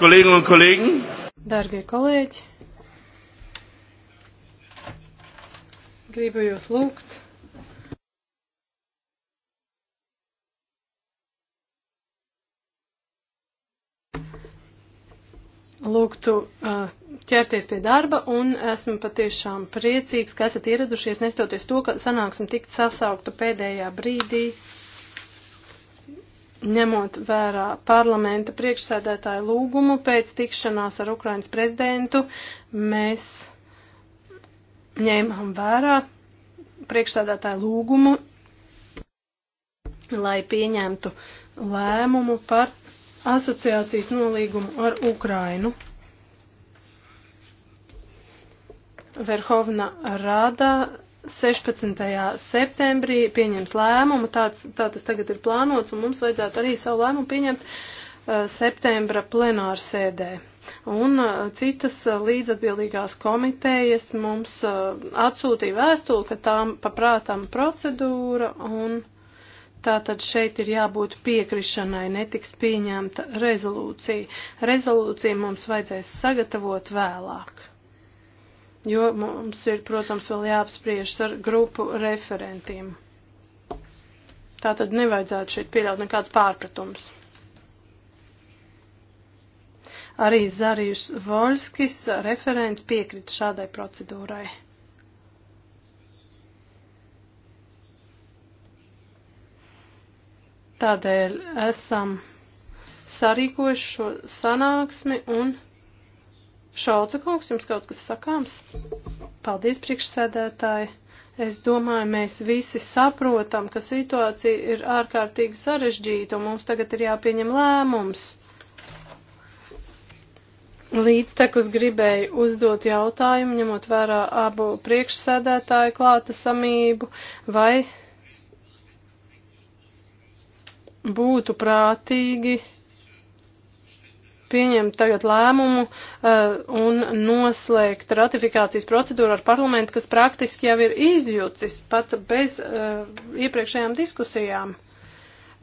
Kolleginnen un kolēģi! Dārgie kolēģi! Gribu jūs lūgt. Lūgtu uh, ķerties pie darba un esmu patiešām priecīgs, ka esat ieradušies, nestoties to, ka sanāksim tikt sasaukta pēdējā brīdī ņemot vērā parlamenta priekšsēdētāju lūgumu pēc tikšanās ar Ukrainas prezidentu, mēs ņēmām vērā priekšsēdētāju lūgumu, lai pieņemtu lēmumu par asociācijas nolīgumu ar Ukrainu. Verhovna Rada 16. septembrī pieņems lēmumu, tāds, tā tas tagad ir plānots, un mums vajadzētu arī savu lēmumu pieņemt uh, septembra plenāra sēdē. Un uh, citas uh, līdzatbildīgās komitejas mums uh, atsūtīja vēstuli, ka tām paprātām procedūra un tātad šeit ir jābūt piekrišanai, netiks pieņemta rezolūcija. Rezolūciju mums vajadzēs sagatavot vēlāk jo mums ir, protams, vēl jāapspriežas ar grupu referentiem. Tā tad nevajadzētu šeit pieļaut nekādus pārpratumus. Arī Zarijus Volskis referents piekrit šādai procedūrai. Tādēļ esam sarīkojuši šo sanāksmi un Šauca kungs, jums kaut kas sakāms? Paldies, priekšsēdētāji. Es domāju, mēs visi saprotam, ka situācija ir ārkārtīgi sarežģīta un mums tagad ir jāpieņem lēmums. Līdztekus gribēju uzdot jautājumu, ņemot vērā abu priekšsēdētāju klātesamību, vai būtu prātīgi pieņemt tagad lēmumu uh, un noslēgt ratifikācijas procedūru ar parlamentu, kas praktiski jau ir izjūcis pat bez uh, iepriekšējām diskusijām.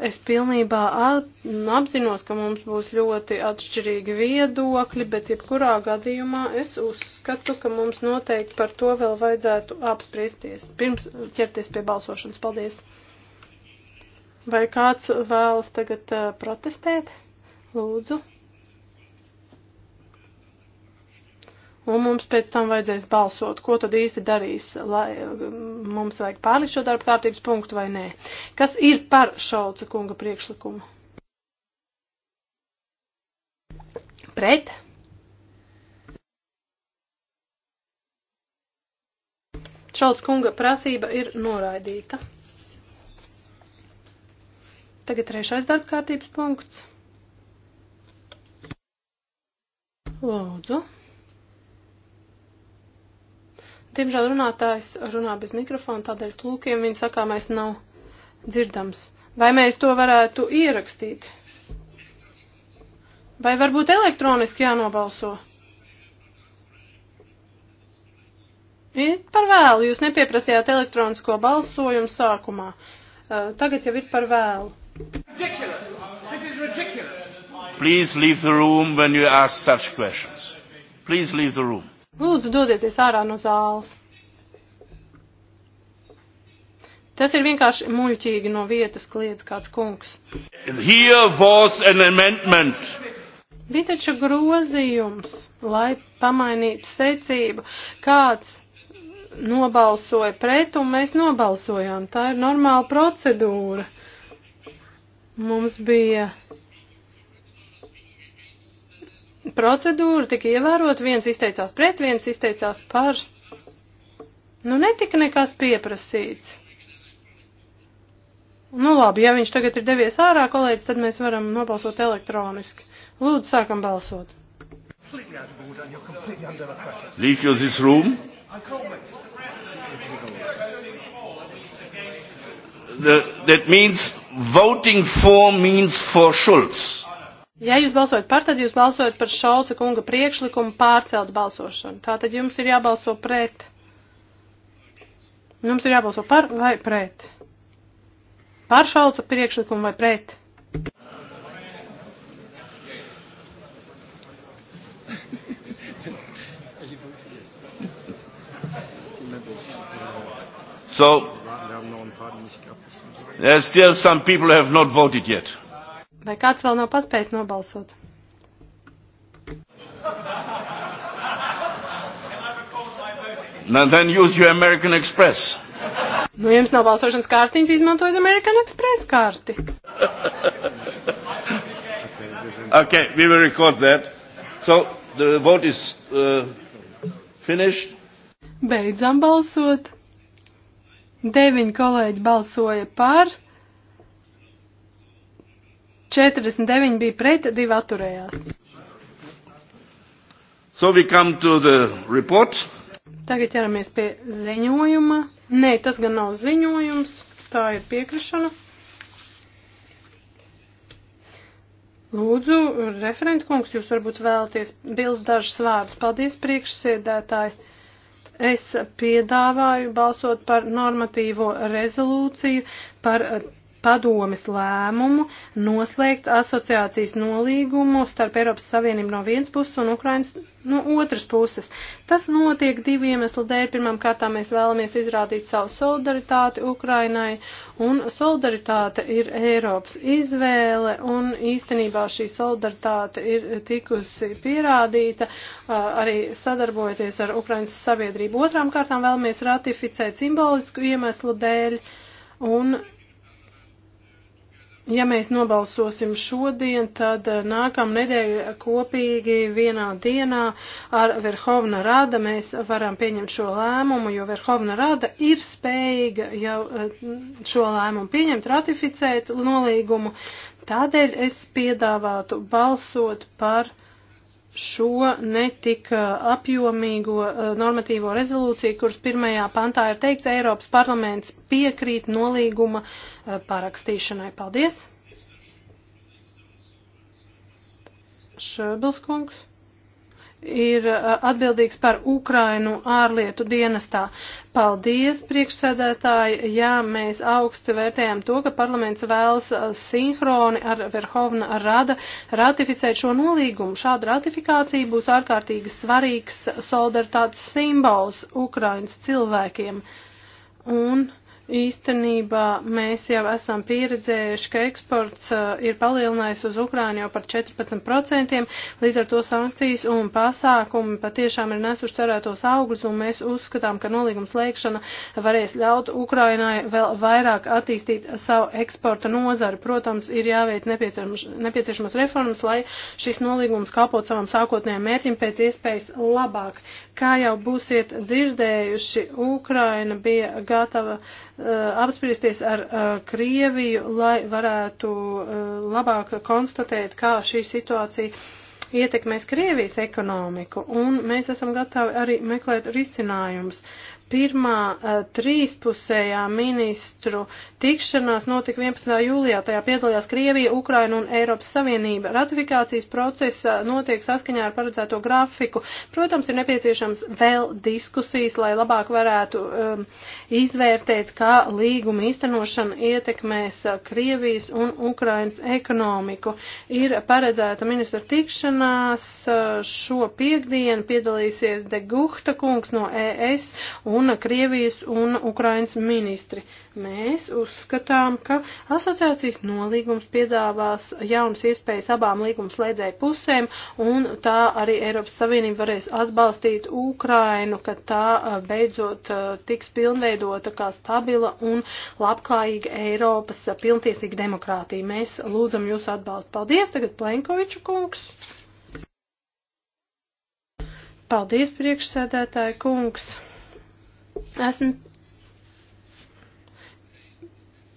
Es pilnībā apzinos, ka mums būs ļoti atšķirīgi viedokļi, bet jebkurā gadījumā es uzskatu, ka mums noteikti par to vēl vajadzētu apspriesties pirms ķerties pie balsošanas. Paldies! Vai kāds vēlas tagad uh, protestēt? Lūdzu! un mums pēc tam vajadzēs balsot, ko tad īsti darīs, lai um, mums vajag pārlikt šo darba kārtības punktu vai nē. Kas ir par Šauca kunga priekšlikumu? Pret? Šauca kunga prasība ir noraidīta. Tagad trešais darba kārtības punkts. Lūdzu. Diemžēl runātājs runā bez mikrofona, tādēļ tūkiem viņa sakāmais nav dzirdams. Vai mēs to varētu ierakstīt? Vai varbūt elektroniski jānobalso? Ir par vēlu, jūs nepieprasījāt elektronisko balsojumu sākumā. Uh, tagad jau ir par vēlu. Please leave the room when you ask such questions. Please leave the room. Lūdzu, dodieties ārā no zāles. Tas ir vienkārši muļķīgi no vietas kliedz kāds kungs. Bija taču grozījums, lai pamainītu secību. Kāds nobalsoja pret un mēs nobalsojām. Tā ir normāla procedūra. Mums bija procedūra tika ievērot, viens izteicās pret, viens izteicās par. Nu, netika nekas pieprasīts. Nu, labi, ja viņš tagad ir devies ārā, kolēģis, tad mēs varam nobalsot elektroniski. Lūdzu, sākam balsot. Leave you this room. The, that means voting for means for Schulz. Ja jūs balsojat par, tad jūs balsojat par Šolca kunga priekšlikumu pārcelt balsošanu. Tātad jums ir jābalso pret. Jums ir jābalso par vai pret? Par Šolca priekšlikumu vai pret? So, there are still some people who have not voted yet. Vai kāds vēl nav paspējis nobalsot? Now then use your American Express. Nu, jums nav balsošanas kārtiņas, izmantojot American Express karti. okay, we will record that. So, the vote is uh, finished. Beidzam balsot. Deviņi kolēģi balsoja par. 49 bija pret, 2 atturējās. So we come to the report. Tagad ķeramies pie ziņojuma. Nē, tas gan nav ziņojums, tā ir piekrišana. Lūdzu, referenta kungs, jūs varbūt vēlaties bilst dažus vārdus. Paldies, priekšsēdētāji. Es piedāvāju balsot par normatīvo rezolūciju par padomes lēmumu noslēgt asociācijas nolīgumu starp Eiropas Savienību no vienas puses un Ukrainas no otras puses. Tas notiek divu iemeslu dēļ. Pirmām kārtām mēs vēlamies izrādīt savu solidaritāti Ukrainai, un solidaritāte ir Eiropas izvēle, un īstenībā šī solidaritāte ir tikusi pierādīta arī sadarbojoties ar Ukrainas sabiedrību. Otrām kārtām vēlamies ratificēt simbolisku iemeslu dēļ, un ja mēs nobalsosim šodien, tad eh, nākam nedēļa kopīgi vienā dienā ar Verhovna Rada mēs varam pieņemt šo lēmumu, jo Verhovna Rada ir spējīga jau eh, šo lēmumu pieņemt, ratificēt nolīgumu. Tādēļ es piedāvātu balsot par šo netika uh, apjomīgo uh, normatīvo rezolūciju, kuras pirmajā pantā ir teikts, Eiropas parlaments piekrīt nolīguma uh, parakstīšanai. Paldies! Šöbelskungs ir uh, atbildīgs par Ukrainu ārlietu dienestā. Paldies, priekšsēdētāji, jā, mēs augstu vērtējam to, ka parlaments vēlas uh, sinhroni ar Verhovna rada ratificēt šo nolīgumu. Šāda ratifikācija būs ārkārtīgi svarīgs solidaritātes simbols Ukrainas cilvēkiem. Un Īstenībā mēs jau esam pieredzējuši, ka eksports uh, ir palielinājis uz Ukrānu jau par 14%, līdz ar to sankcijas un pasākumi patiešām ir nesuši cerētos augus, un mēs uzskatām, ka nolīgums lēkšana varēs ļaut Ukrainai vēl vairāk attīstīt savu eksporta nozari. Protams, ir jāveic nepieciešamas reformas, lai šis nolīgums kalpot savam sākotnējam mērķim pēc iespējas labāk. Kā jau būsiet dzirdējuši, Ukraina bija gatava Uh, apspriesties ar uh, Krieviju, lai varētu uh, labāk konstatēt, kā šī situācija ietekmēs Krievijas ekonomiku, un mēs esam gatavi arī meklēt risinājumus. Pirmā uh, trīspusējā ministru tikšanās notika 11. jūlijā. Tajā piedalījās Krievija, Ukraina un Eiropas Savienība. Ratifikācijas process uh, notiek saskaņā ar paredzēto grafiku. Protams, ir nepieciešams vēl diskusijas, lai labāk varētu um, izvērtēt, kā līguma īstenošana ietekmēs uh, Krievijas un Ukrainas ekonomiku. Ir paredzēta ministru tikšanās uh, šo piekdienu. Piedalīsies De Guhta kungs no ES. Un un Krievijas un Ukrainas ministri. Mēs uzskatām, ka asociācijas nolīgums piedāvās jaunas iespējas abām līgumslēdzēju pusēm, un tā arī Eiropas Savienība varēs atbalstīt Ukrainu, ka tā beidzot tiks pilnveidota kā stabila un labklājīga Eiropas pilntiesīga demokrātija. Mēs lūdzam jūsu atbalstu. Paldies, tagad Plenkoviču kungs. Paldies, priekšsēdētāja kungs. Esmu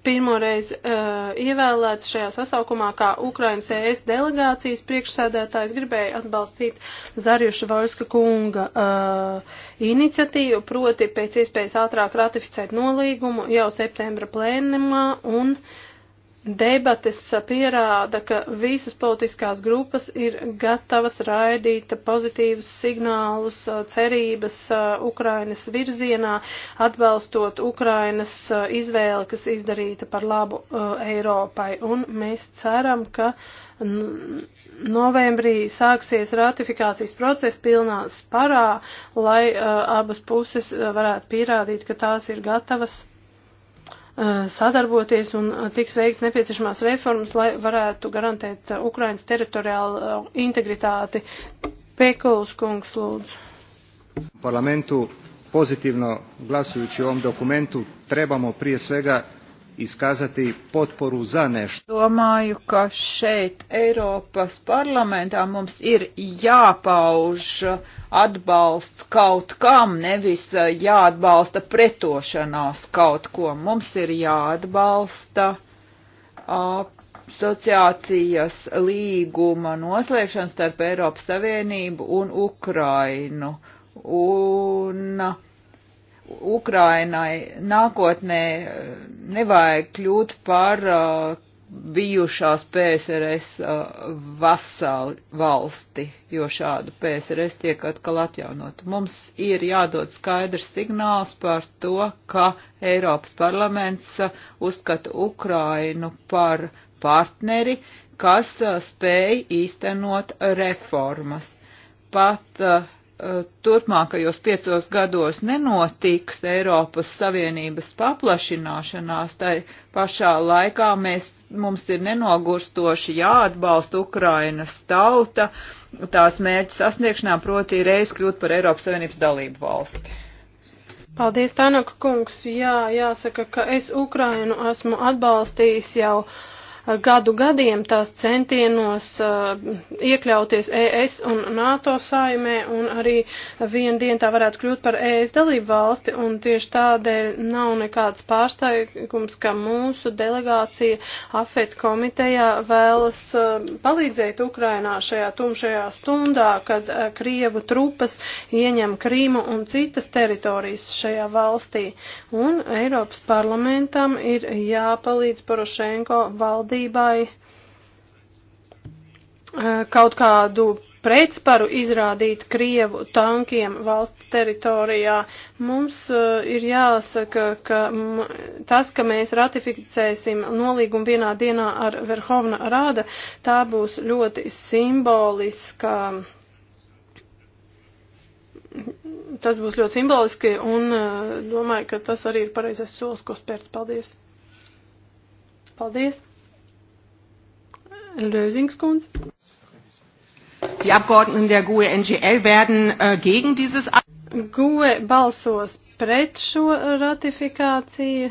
pirmoreiz uh, ievēlēts šajā sasaukumā kā Ukrainas ES delegācijas priekšsēdētājs, gribēja atbalstīt Zarjuša Vojska kunga uh, iniciatīvu, proti pēc iespējas ātrāk ratificēt nolīgumu jau septembra plēnumā un uh, debates pierāda, ka visas politiskās grupas ir gatavas raidīt pozitīvus signālus, cerības Ukrainas virzienā, atbalstot Ukrainas izvēli, kas izdarīta par labu Eiropai. Un mēs ceram, ka novembrī sāksies ratifikācijas process pilnā sparā, lai abas puses varētu pierādīt, ka tās ir gatavas Uh, sadarboties un uh, tiks veikts nepieciešamās reformas, lai varētu garantēt uh, Ukrainas teritoriālu integritāti. Pekuls kungs lūdzu. Parlamentu pozitivno glasujući o ovom dokumentu trebamo prije svega iskazati potporu za nešto. Domāju, ka šeit Eiropas parlamentā mums ir jāpauž atbalsts kaut kam, nevis jāatbalsta pretošanās kaut ko. Mums ir jāatbalsta asociācijas līguma noslēgšana starp Eiropas Savienību un Ukrainu. Un, uh, Ukrainai nākotnē eh, nevajag kļūt par eh, bijušās PSRS eh, vasāli valsti, jo šādu PSRS tiek atkal atjaunot. Mums ir jādod skaidrs signāls par to, ka Eiropas parlaments uzskata Ukrainu par partneri, kas spēj īstenot reformas. Pat uh, Eh, turpmākajos piecos gados nenotiks Eiropas Savienības paplašināšanās, tai pašā laikā mēs, mums ir nenogurstoši jāatbalsta Ukrainas tauta tās mērķa sasniegšanā, proti reiz kļūt par Eiropas Savienības dalību valsti. Paldies, Tanaka kungs. Jā, jāsaka, ka es Ukrainu esmu atbalstījis jau uh, gadu gadiem tās centienos uh, iekļauties ES un NATO saimē un arī vienu dienu tā varētu kļūt par ES dalību valsti un tieši tādēļ nav nekāds pārsteigums, ka mūsu delegācija AFET komitejā vēlas uh, palīdzēt Ukrainā šajā tumšajā stundā, kad uh, Krievu trupas ieņem Krīmu un citas teritorijas šajā valstī. Un Eiropas parlamentam ir jāpalīdz Porošenko valdību valdībai eh, kaut kādu pretsparu izrādīt Krievu tankiem valsts teritorijā. Mums uh, ir jāsaka, ka m, tas, ka mēs ratificēsim nolīgumu vienā dienā ar Verhovna Rāda, tā būs ļoti simboliska. Tas būs ļoti simboliski un uh, domāju, ka tas arī ir pareizais solis, ko spērt. Paldies! Paldies! Lösingskund. Die Abgeordneten der GUE NGL werden äh, gegen dieses GUE balsos pret šo ratifikāciju.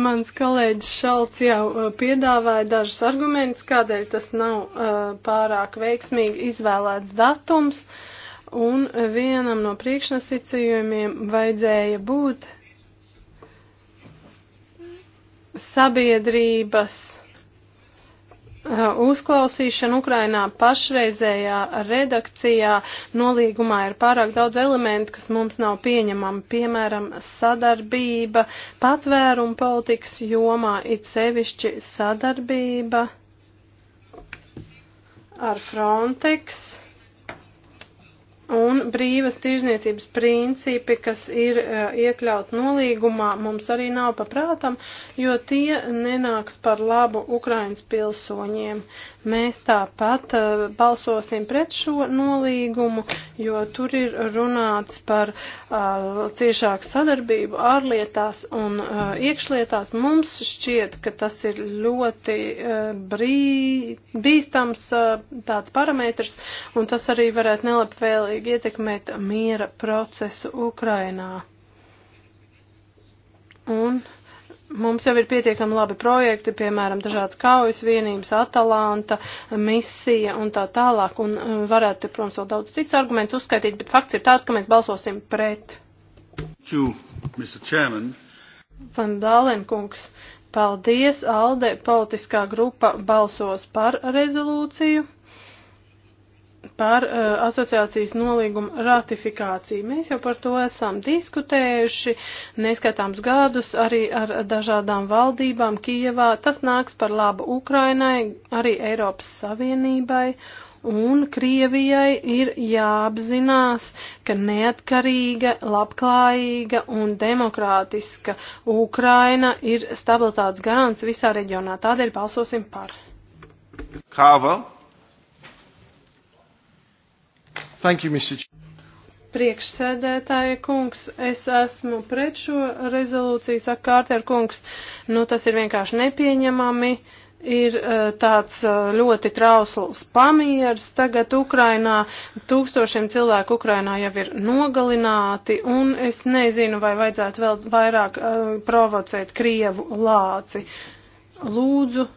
Mans kolēģis Šalts jau äh, piedāvāja dažus argumentus, kādēļ tas nav uh, pārāk veiksmīgi izvēlēts datums, un vienam no priekšnesicījumiem vajadzēja būt sabiedrības uh, uzklausīšana Ukrainā pašreizējā redakcijā nolīgumā ir pārāk daudz elementu, kas mums nav pieņemami, piemēram, sadarbība patvērumu politikas jomā, it sevišķi sadarbība ar Frontex Un brīvas tirzniecības principi, kas ir uh, iekļaut nolīgumā, mums arī nav paprātam, jo tie nenāks par labu Ukrainas pilsoņiem. Mēs tāpat uh, balsosim pret šo nolīgumu, jo tur ir runāts par uh, ciešāku sadarbību ārlietās un uh, iekšlietās. Mums šķiet, ka tas ir ļoti uh, brī, bīstams uh, tāds parametrs, un tas arī varētu nelabvēlīgi ietekmēt miera procesu Ukrainā. Un Mums jau ir pietiekami labi projekti, piemēram, dažādas kaujas vienības, Atalanta, misija un tā tālāk, un uh, varētu, protams, vēl daudz cits arguments uzskaitīt, bet fakts ir tāds, ka mēs balsosim pret. You, Van Dālenkungs, paldies, Alde, politiskā grupa balsos par rezolūciju par uh, asociācijas nolīgumu ratifikāciju. Mēs jau par to esam diskutējuši neskaitāms gadus arī ar dažādām valdībām Kijevā. Tas nāks par labu Ukrainai, arī Eiropas Savienībai. Un Krievijai ir jāapzinās, ka neatkarīga, labklājīga un demokrātiska Ukraina ir stabilitātes garants visā reģionā. Tādēļ balsosim par. Kāva? Thank you, Mr. Priekšsēdētāja kungs, es esmu pret šo rezolūciju, saka Kārter kungs, nu tas ir vienkārši nepieņemami. Uh, ir tāds uh, ļoti trausls pamiers. Tagad Ukrainā tūkstošiem cilvēku Ukrainā jau ir nogalināti, un es nezinu, vai vajadzētu vēl vairāk uh, provocēt Krievu lāci. Lūdzu,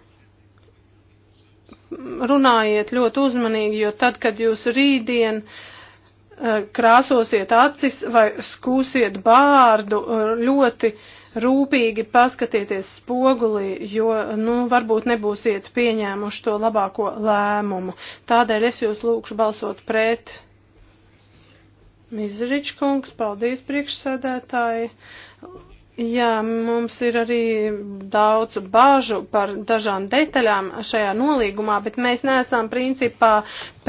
runājiet ļoti uzmanīgi, jo tad, kad jūs rītdien eh, krāsosiet acis vai skūsiet bārdu, eh, ļoti rūpīgi paskatieties spogulī, jo, nu, varbūt nebūsiet pieņēmuši to labāko lēmumu. Tādēļ es jūs lūkšu balsot pret. Mizričkungs, paldies priekšsēdētāji. Uh, Jā, mums ir arī daudz bāžu par dažām detaļām šajā nolīgumā, bet mēs neesam principā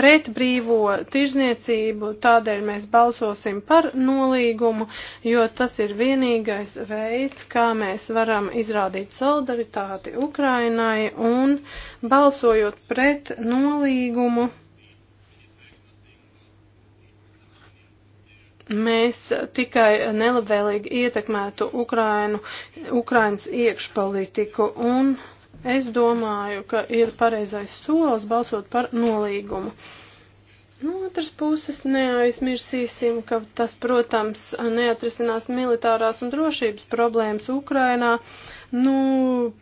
pret brīvo tirzniecību, tādēļ mēs balsosim par nolīgumu, jo tas ir vienīgais veids, kā mēs varam izrādīt solidaritāti Ukrainai un balsojot pret nolīgumu mēs tikai nelabvēlīgi ietekmētu Ukrainu, Ukrainas iekšpolitiku. Un es domāju, ka ir pareizais solis balsot par nolīgumu. No otras puses neaizmirsīsim, ka tas, protams, neatrisinās militārās un drošības problēmas Ukrainā. Nu,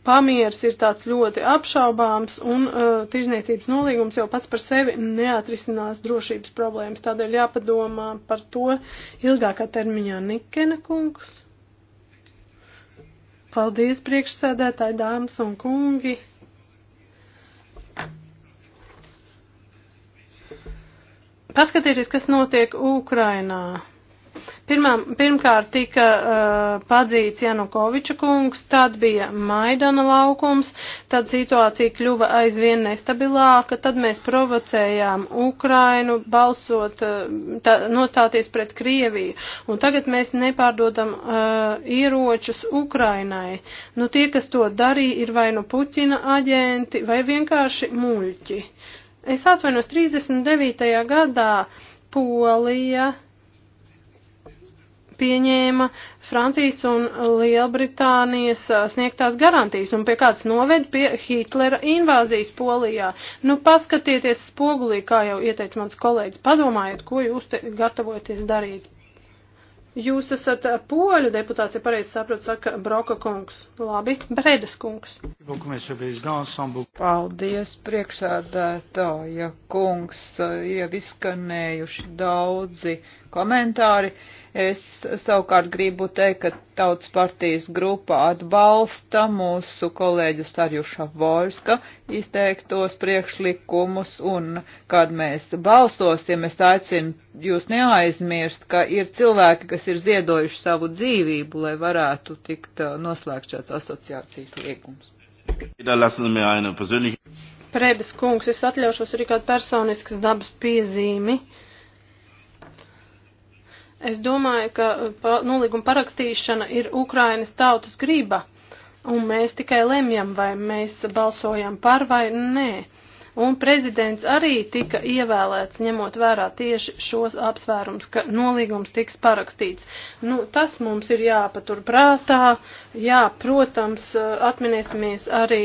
pamieris ir tāds ļoti apšaubāms un uh, tirzniecības nolīgums jau pats par sevi neatrisinās drošības problēmas. Tādēļ jāpadomā par to ilgākā termiņā Nikena kungs. Paldies priekšsēdētāji, dāmas un kungi! Paskatieties, kas notiek Ukrainā. Pirmā, pirmkārt tika uh, padzīts Janukoviča kungs, tad bija Maidana laukums, tad situācija kļuva aizvien nestabilāka, tad mēs provocējām Ukrainu balsot, uh, tā, nostāties pret Krieviju, un tagad mēs nepārdodam uh, ieročus Ukrainai. Nu tie, kas to darīja, ir vai nu Puķina aģenti, vai vienkārši muļķi. Uh, Es atvainos 39. gadā Polija pieņēma Francijas un Lielbritānijas sniegtās garantijas un pie kāds noved pie Hitlera invāzijas Polijā. Nu, paskatieties spogulī, kā jau ieteica mans kolēģis, padomājiet, ko jūs te gatavojaties darīt. Jūs esat uh, poļu deputāts, ja pareizi saprotu, saka Broka kungs. Labi, Bredes kungs. Paldies, priekšsēdētāja kungs. Ir jau izskanējuši daudzi komentāri. Es savukārt gribu teikt, ka Tautas partijas grupa atbalsta mūsu kolēģu Sarjuša Volska izteiktos priekšlikumus un, kad mēs balsosim, es aicinu jūs neaizmirst, ka ir cilvēki, kas ir ziedojuši savu dzīvību, lai varētu tikt uh, noslēgts šāds asociācijas liegums. Prēdes kungs, es atļaušos arī kādu personiskas dabas piezīmi. Uh, Es domāju, ka uh, pa, nolīguma parakstīšana ir Ukrainas tautas grība, un mēs tikai lemjam, vai mēs balsojam par vai nē. Un prezidents arī tika ievēlēts, ņemot vērā tieši šos apsvērums, ka nolīgums tiks parakstīts. Nu, tas mums ir jāpatur prātā. Jā, protams, uh, atminēsimies arī,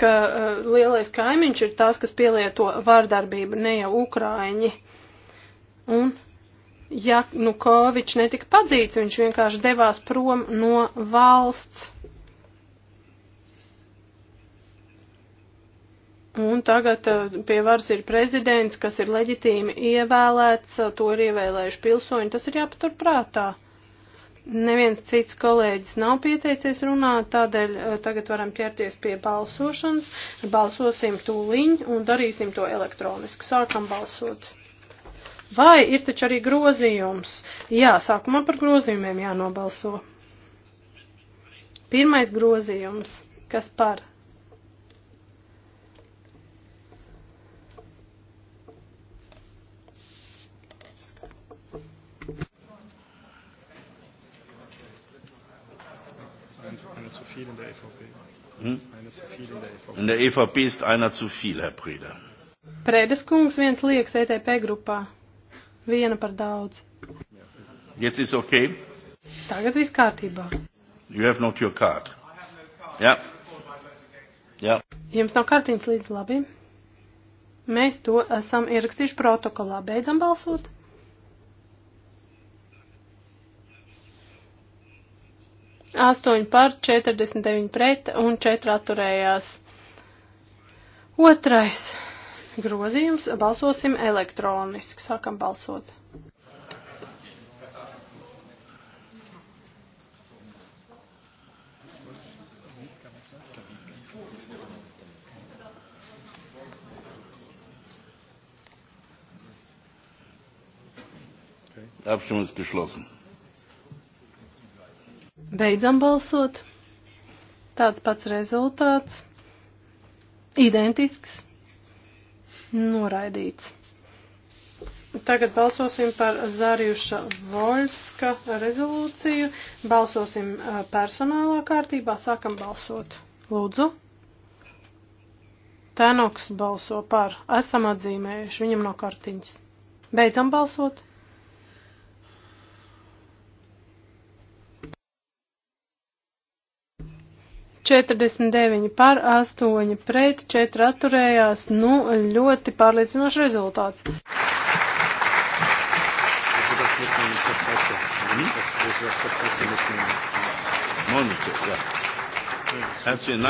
ka uh, lielais kaimiņš ir tas, kas pielieto vārdarbību, ne jau Ukraiņi. Un Janukovičs netika padzīts, viņš vienkārši devās prom no valsts. Un tagad eh, pie varas ir prezidents, kas ir leģitīmi ievēlēts, eh, to ir ievēlējuši pilsoņi, tas ir jāpatur prātā. Neviens cits kolēģis nav pieteicies runāt, tādēļ eh, tagad varam ķerties pie balsošanas. Balsosim tūliņ un darīsim to elektroniski. Sākam balsot. Vai ir taču arī grozījums? Jā, sākumā par grozījumiem jānobalso. Pirmais grozījums, kas par? in der EVP. Hm? Einer zu viel in der EVP. In der EVP ist einer zu viel, Herr Preda. Prēdes kungs viens liekas ETP grupā. Viena par daudz. Jetzt ist okay. Tagad viss kārtībā. You have not your card. Jā. Yeah. Jā. Yeah. Jums nav kartiņas līdz labi. Mēs to esam ierakstījuši protokolā. Beidzam balsot. Astoņi par, 49 pret un 4 atturējās. Otrais grozījums. Balsosim elektroniski. Sākam balsot. Abstimmung ist geschlossen. Beidzam balsot. Tāds pats rezultāts. Identisks noraidīts. Tagad balsosim par Zarijuša Voļska rezolūciju. Balsosim uh, personālā kārtībā. Sākam balsot. Lūdzu. Tenoks balso par. Esam atzīmējuši. Viņam nav no kartiņas. Beidzam balsot. 49 par 8 pret 4 atturējās. Nu, ļoti pārliecinošs rezultāts.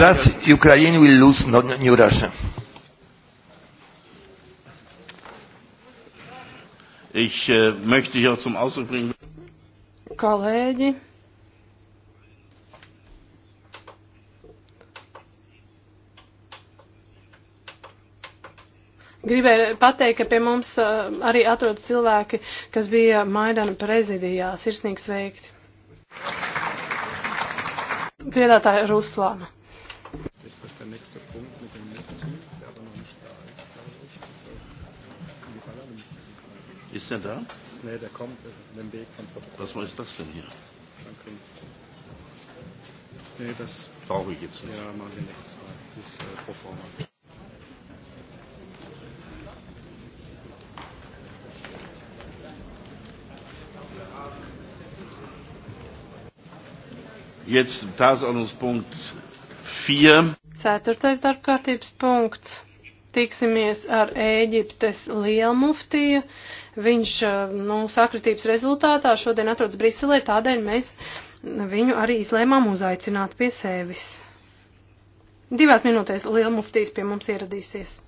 Thus, Ukraine will lose not new Russia. Ich äh, möchte hier zum Ausdruck bringen. Kollegi. Gribēju pateikt, ka pie mums uh, arī atrodas cilvēki, kas bija Maidana prezidijā. Sirsnīgi sveikti. Dziedātāja Ruslāna. Ist er da? Nee, der kommt, ist auf dem Weg von Was ist das denn hier? Nee, das brauche ich jetzt nicht. Ja, machen wir nächstes Mal. Das ist äh, pro forma. Jetzt Tagesordnungspunkt 4. Ceturtais darbkārtības punkts. Tiksimies ar Ēģiptes lielmuftiju. Viņš, eh, nu, sakritības rezultātā šodien atrodas Briselē, tādēļ mēs viņu arī izlēmām uzaicināt pie sevis. Divās minūtēs lielmuftīs pie mums ieradīsies.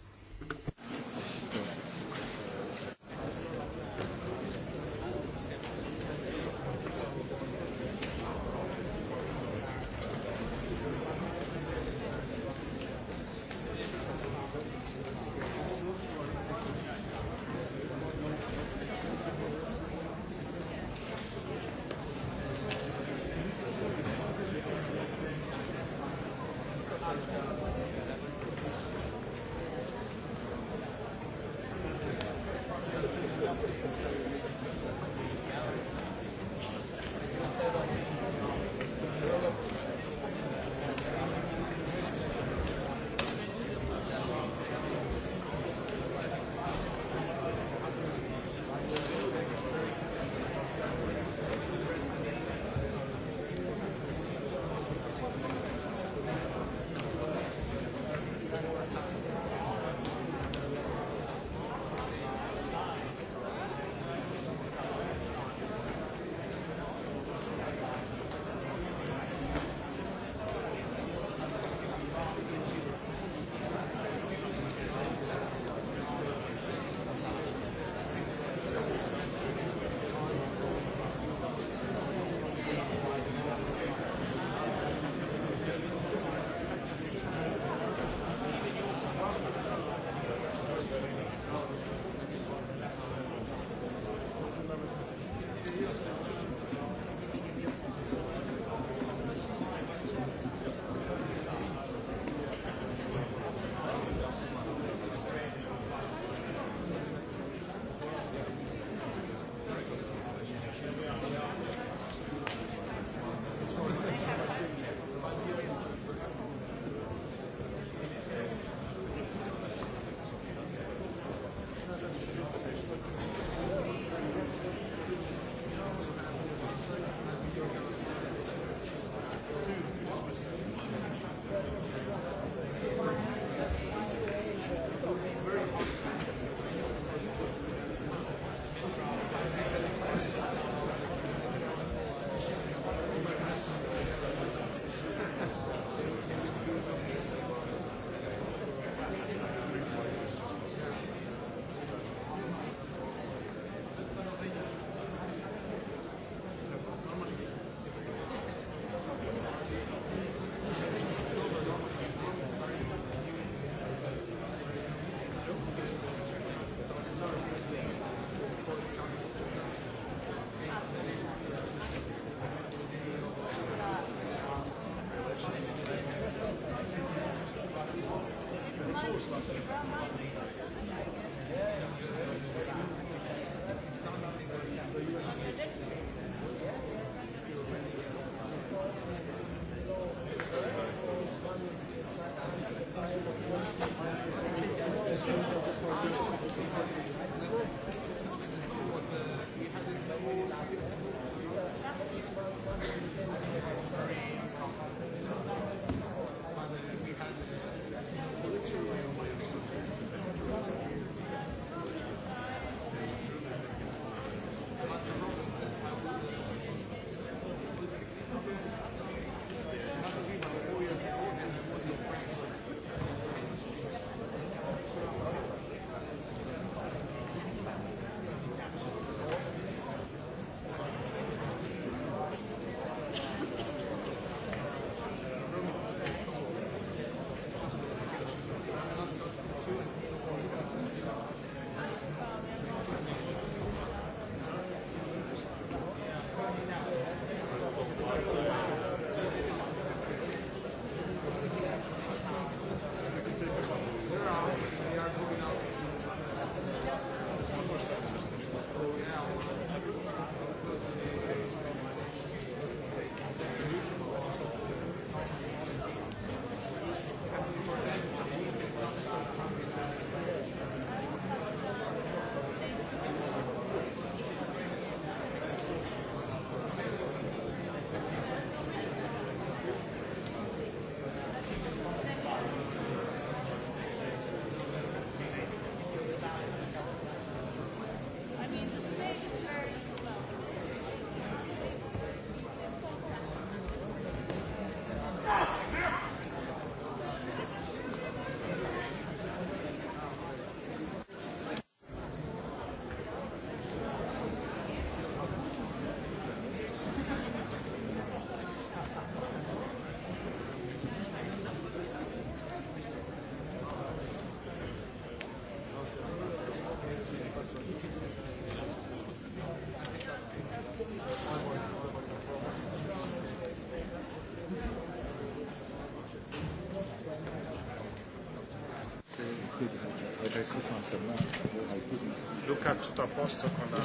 tutto a posto con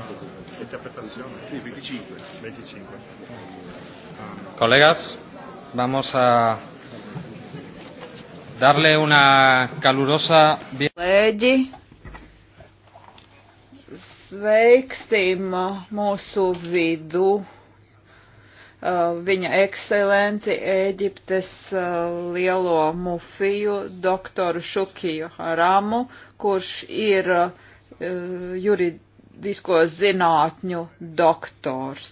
l'interpretazione? Sì, 25. 25. Colegas, vamos a darle una calurosa. Colleghi, sveiksim mūsu vidu uh, viņa ekscelenci Ēģiptes uh, lielo mufiju doktoru Šukiju Haramu, kurš ir uh, jurid, juridisko zinātņu doktors.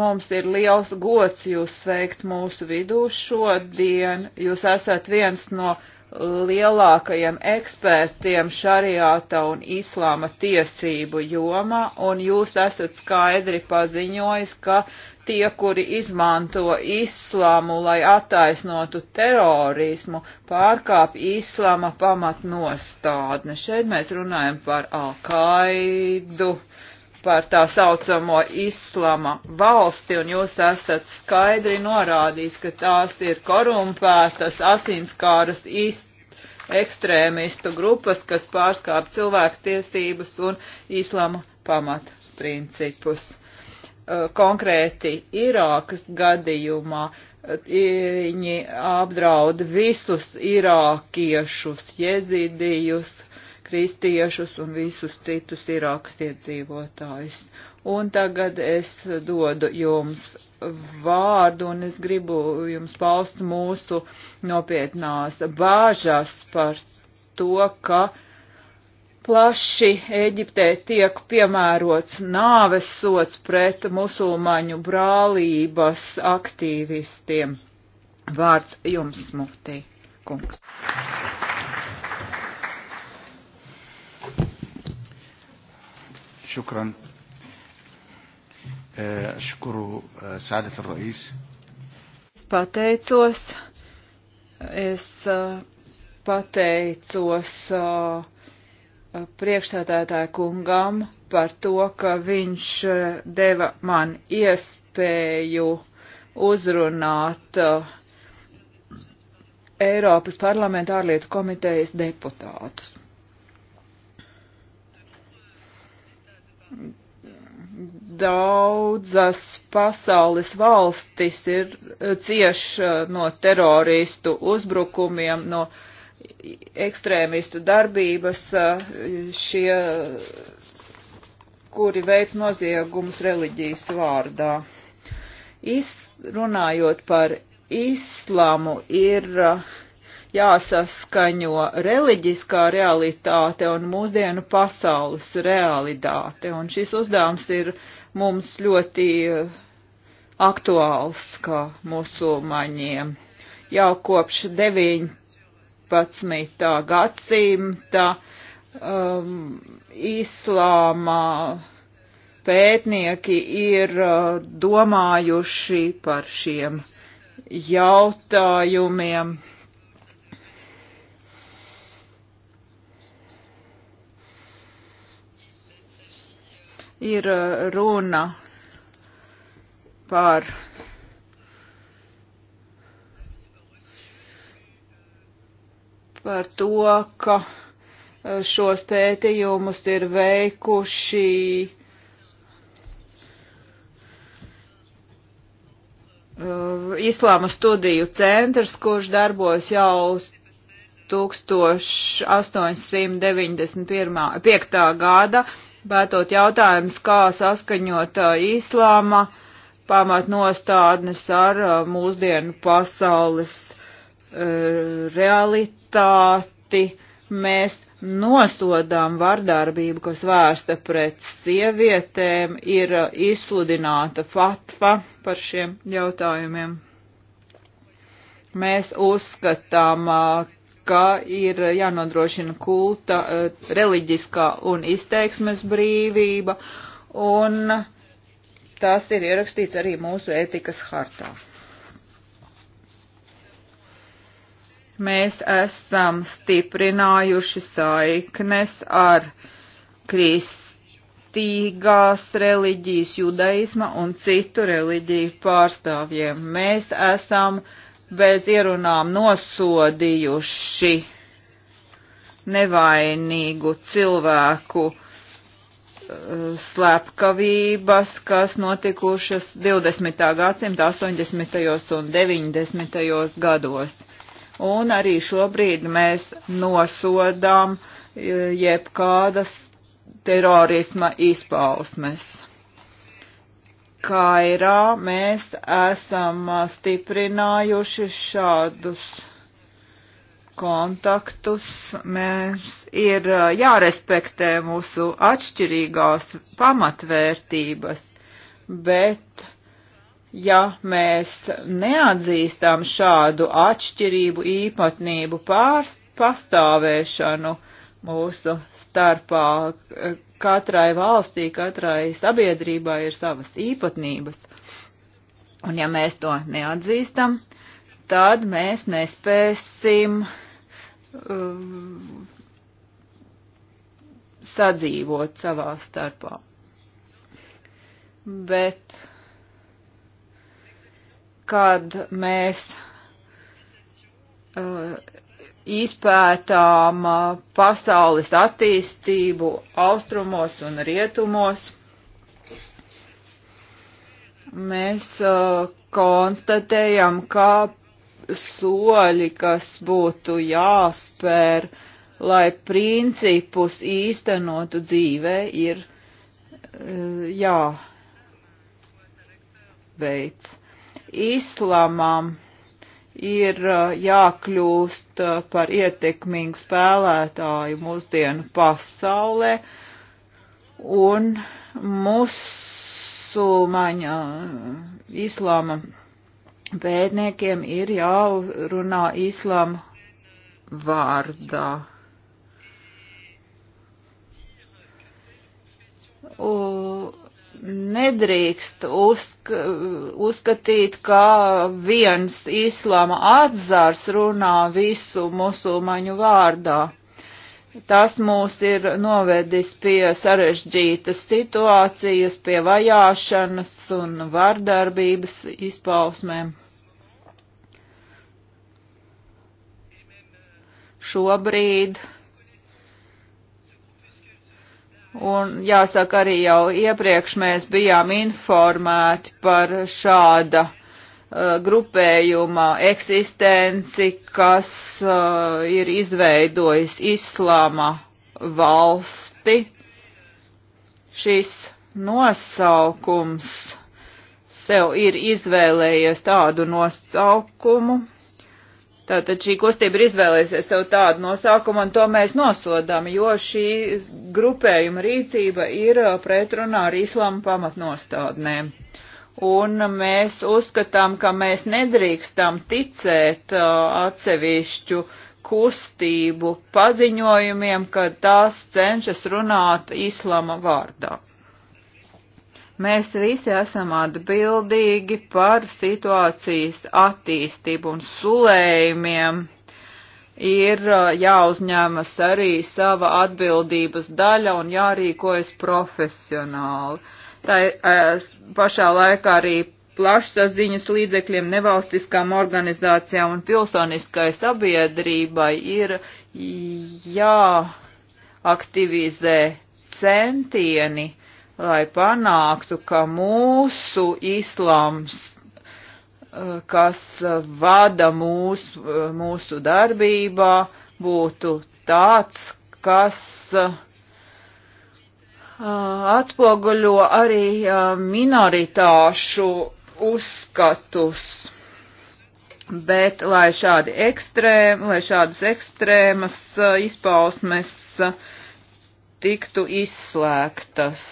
Mums ir liels gods jūs sveikt mūsu vidū šodien. Jūs esat viens no uh, lielākajiem ekspertiem šariāta un islāma tiesību jomā, un jūs esat skaidri paziņojis, ka tie, kuri izmanto islāmu, lai attaisnotu terorismu, pārkāp islāma pamatnostādne. Šeit mēs runājam par Alkaidu. Uh, par tā saucamo islama valsti, un jūs esat skaidri norādījis, ka tās ir korumpētas asinskāras ekstrēmistu grupas, kas pārskāp cilvēku tiesības un islama pamatprincipus. Konkrēti Irākas gadījumā viņi apdraud visus irākiešus, jezidijus, uh, salafistiešus un visus citus Irākas iedzīvotājus. Un tagad es dodu jums vārdu un es gribu jums paust mūsu nopietnās bāžas par to, ka plaši Eģiptē tiek piemērots nāves sots pret musulmaņu brālības aktīvistiem. Vārds jums, Muftī, kungs. شكرا أشكر سعادة الرئيس Es pateicos, es pateicos priekšstādātāju kungam par to, ka viņš deva man iespēju uzrunāt Eiropas parlamenta ārlietu komitejas deputātus. daudzas pasaules valstis ir eh, cieši eh, no teroristu uzbrukumiem, no ekstrēmistu darbības, eh, šie, kuri veic noziegumus reliģijas vārdā. Is, runājot par islāmu, ir uh, jāsaskaņo reliģiskā realitāte un mūsdienu pasaules realitāte. Un šis uzdevums ir mums ļoti aktuāls kā musulmaņiem. Jau kopš 19. gadsimta um, islāmā pētnieki ir uh, domājuši par šiem jautājumiem. ir uh, runa par par to, ka uh, šos pētījumus ir veikuši uh, Islāma studiju centrs, kurš darbojas jau 1895. gada, pētot jautājumus, kā saskaņot īslāma pamatnostādnes ar mūsdienu pasaules realitāti. Mēs nosodām vardarbību, kas vērsta pret sievietēm, ir izsludināta fatva par šiem jautājumiem. Mēs uzskatām, ka ir jānodrošina kulta, eh, reliģiskā un izteiksmes brīvība, un tas ir ierakstīts arī mūsu ētikas hartā. Mēs esam stiprinājuši saiknes ar kristīgās reliģijas, judaisma un citu reliģiju pārstāvjiem. Mēs esam uh, bez ierunām nosodījuši nevainīgu cilvēku eh, slepkavības, kas notikušas 20. gadsimta 80. un 90. gados. Un arī šobrīd mēs nosodām eh, jebkādas terorisma izpausmes. Kairā mēs esam stiprinājuši šādus kontaktus. Mēs ir jārespektē mūsu atšķirīgās pamatvērtības, bet ja mēs neatzīstam šādu atšķirību īpatnību pārstāvēšanu mūsu starpā, katrai valstī, katrai sabiedrībai ir savas īpatnības. Un ja mēs to neatzīstam, tad mēs nespēsim uh, sadzīvot savā starpā. Bet kad mēs uh, izpētām pasaules attīstību austrumos un rietumos, mēs uh, konstatējam, ka soļi, kas būtu jāspēr, lai principus īstenotu dzīvē, ir uh, jāveic. Islamam ir jākļūst par ietekmīgu spēlētāju mūsdienu pasaulē, un musulmaņa islāma pētniekiem ir jārunā islāma vārdā. Un nedrīkst uzsk uzskatīt, ka viens islāma atzars runā visu musulmaņu vārdā. Tas mūs ir novedis pie sarežģītas situācijas, pie vajāšanas un vardarbības izpausmēm. Šobrīd Un jāsaka, arī jau iepriekš mēs bijām informēti par šāda uh, grupējuma eksistenci, kas uh, ir izveidojis islāma valsti. Šis nosaukums sev ir izvēlējies tādu nosaukumu, Tātad šī kustība ir izvēlējusies sev tādu nosaukumu, un to mēs nosodām, jo šī grupējuma rīcība ir uh, pretrunā ar islāma pamatnostādnēm. Un mēs uzskatām, ka mēs nedrīkstam ticēt uh, atsevišķu kustību paziņojumiem, ka tās cenšas runāt islama vārdā. Mēs visi esam atbildīgi par situācijas attīstību un sulējumiem. Ir jāuzņemas arī sava atbildības daļa un jārīkojas profesionāli. Tā ir pašā laikā arī plašsaziņas līdzekļiem, nevalstiskām organizācijām un pilsoniskai sabiedrībai ir jāaktivizē centieni lai panāktu, ka mūsu islāms, eh, kas vada mūsu, eh, mūsu darbībā, būtu tāds, kas eh, atspoguļo arī minoritāšu uzskatus. Bet, lai, šādi ekstrēm, lai šādas ekstrēmas izpausmes uh, tiktu izslēgtas,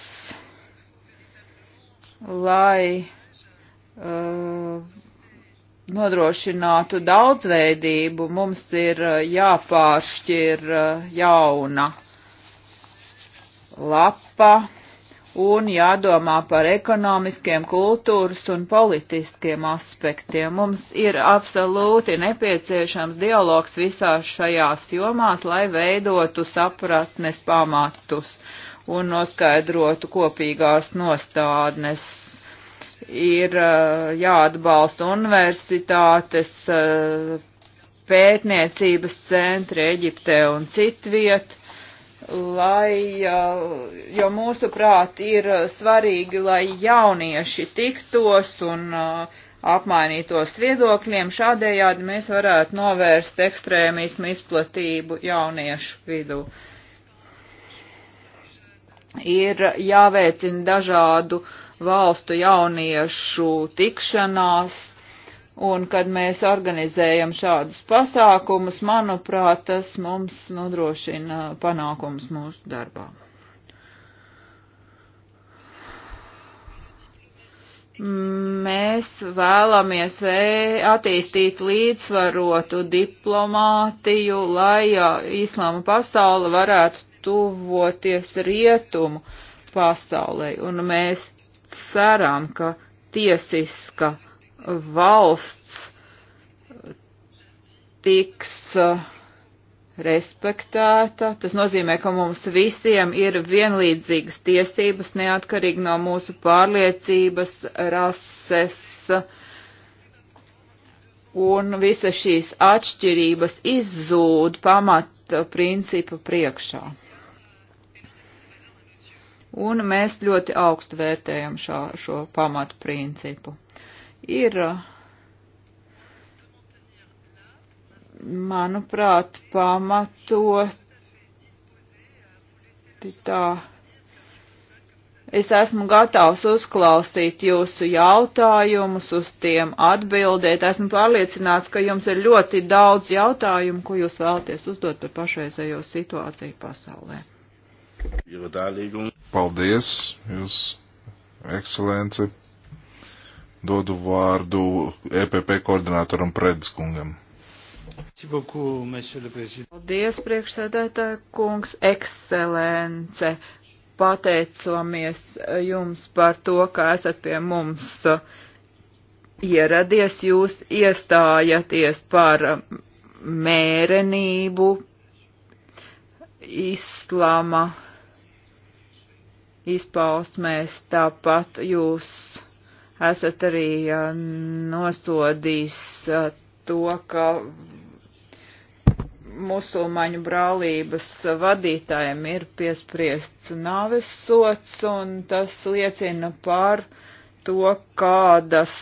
lai uh, nodrošinātu daudzveidību, mums ir uh, jāpāršķir uh, jauna lapa un jādomā par ekonomiskiem, kultūras un politiskiem aspektiem. Mums ir absolūti nepieciešams dialogs visās šajās jomās, lai veidotu sapratnes pamatus un noskaidrotu kopīgās nostādnes. Ir jāatbalsta universitātes, pētniecības centri Eģiptē un citviet lai, eh, jo mūsuprāt ir svarīgi, lai jaunieši tiktos un eh, apmainītos viedokļiem. Šādējādi mēs varētu novērst ekstrēmismu izplatību jauniešu vidū. Ir jāveicina dažādu valstu jauniešu tikšanās, Un, kad mēs organizējam šādus pasākumus, manuprāt, tas mums nodrošina panākumus mūsu darbā. Mēs vēlamies e, attīstīt līdzsvarotu diplomātiju, lai e, islāma pasaule varētu tuvoties rietumu pasaulē. Un mēs ceram, ka tiesiska valsts tiks uh, respektēta. Tas nozīmē, ka mums visiem ir vienlīdzīgas tiesības neatkarīgi no mūsu pārliecības, rases un visas šīs atšķirības izzūd pamata principu priekšā. Un mēs ļoti augstu vērtējam šā, šo pamatu principu. Uh, ir, manuprāt, pamatoti tā. Es esmu gatavs uzklausīt jūsu jautājumus, uz tiem atbildēt. Esmu pārliecināts, ka jums ir ļoti daudz jautājumu, ko jūs vēlaties uzdot par pašreizējo situāciju pasaulē. Paldies, jūs, ekscelence, dodu vārdu EPP koordinatoram Predskungam. Paldies, priekšsēdētāja kungs, ekscelence. Pateicamies jums par to, ka esat pie mums ieradies, jūs iestājaties par mērenību, islama izpausmēs, tāpat jūs esat arī nosodījis to, ka musulmaņu brālības vadītājiem ir piespriests nāves sots, un tas liecina par to, kādas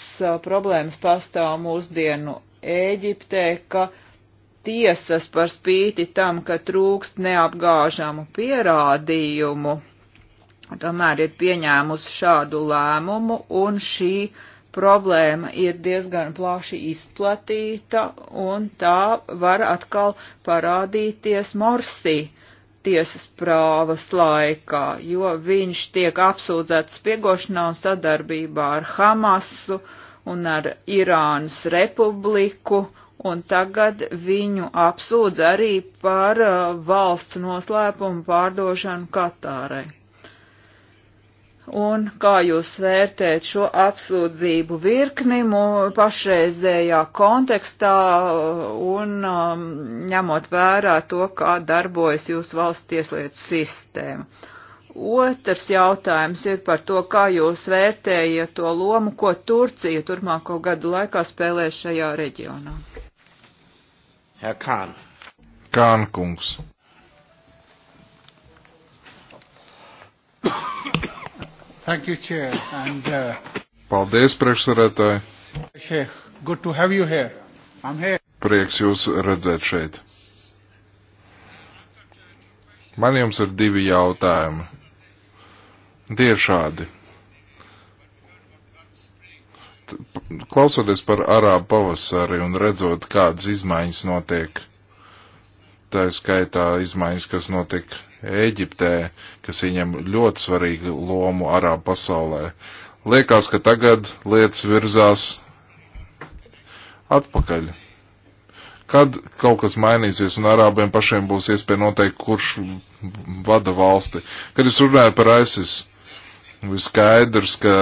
problēmas pastāv mūsdienu Ēģiptē, ka tiesas par spīti tam, ka trūkst neapgāžamu pierādījumu, tomēr ir pieņēmusi šādu lēmumu, un šī problēma ir diezgan plaši izplatīta, un tā var atkal parādīties Morsī tiesas prāvas laikā, jo viņš tiek apsūdzēts spiegošanā un sadarbībā ar Hamasu un ar Irānas republiku, un tagad viņu apsūdz arī par uh, valsts noslēpumu pārdošanu Katārai un kā jūs vērtējat šo apsūdzību virkni pašreizējā kontekstā un um, ņemot vērā to, kā darbojas jūsu valsts tieslietu sistēma. Otrs jautājums ir par to, kā jūs vērtējat to lomu, ko Turcija turpmāko gadu laikā spēlēs šajā reģionā. Herr Kahn. Kahn kungs. Thank you, Chair. And, uh, Paldies, priekšsarētāji. Sheikh, good to have you here. I'm here. Prieks jūs redzēt šeit. Man jums ir divi jautājumi. Tie ir šādi. Klausoties par arābu pavasari un redzot, kādas izmaiņas notiek, tā skaitā izmaiņas, kas notika Ēģiptē, kas ieņem ļoti svarīgu lomu arābu pasaulē. Liekas, ka tagad lietas virzās atpakaļ. Kad kaut kas mainīsies un arābiem pašiem būs iespēja noteikt, kurš vada valsti. Kad es runāju par ISIS, ir skaidrs, ka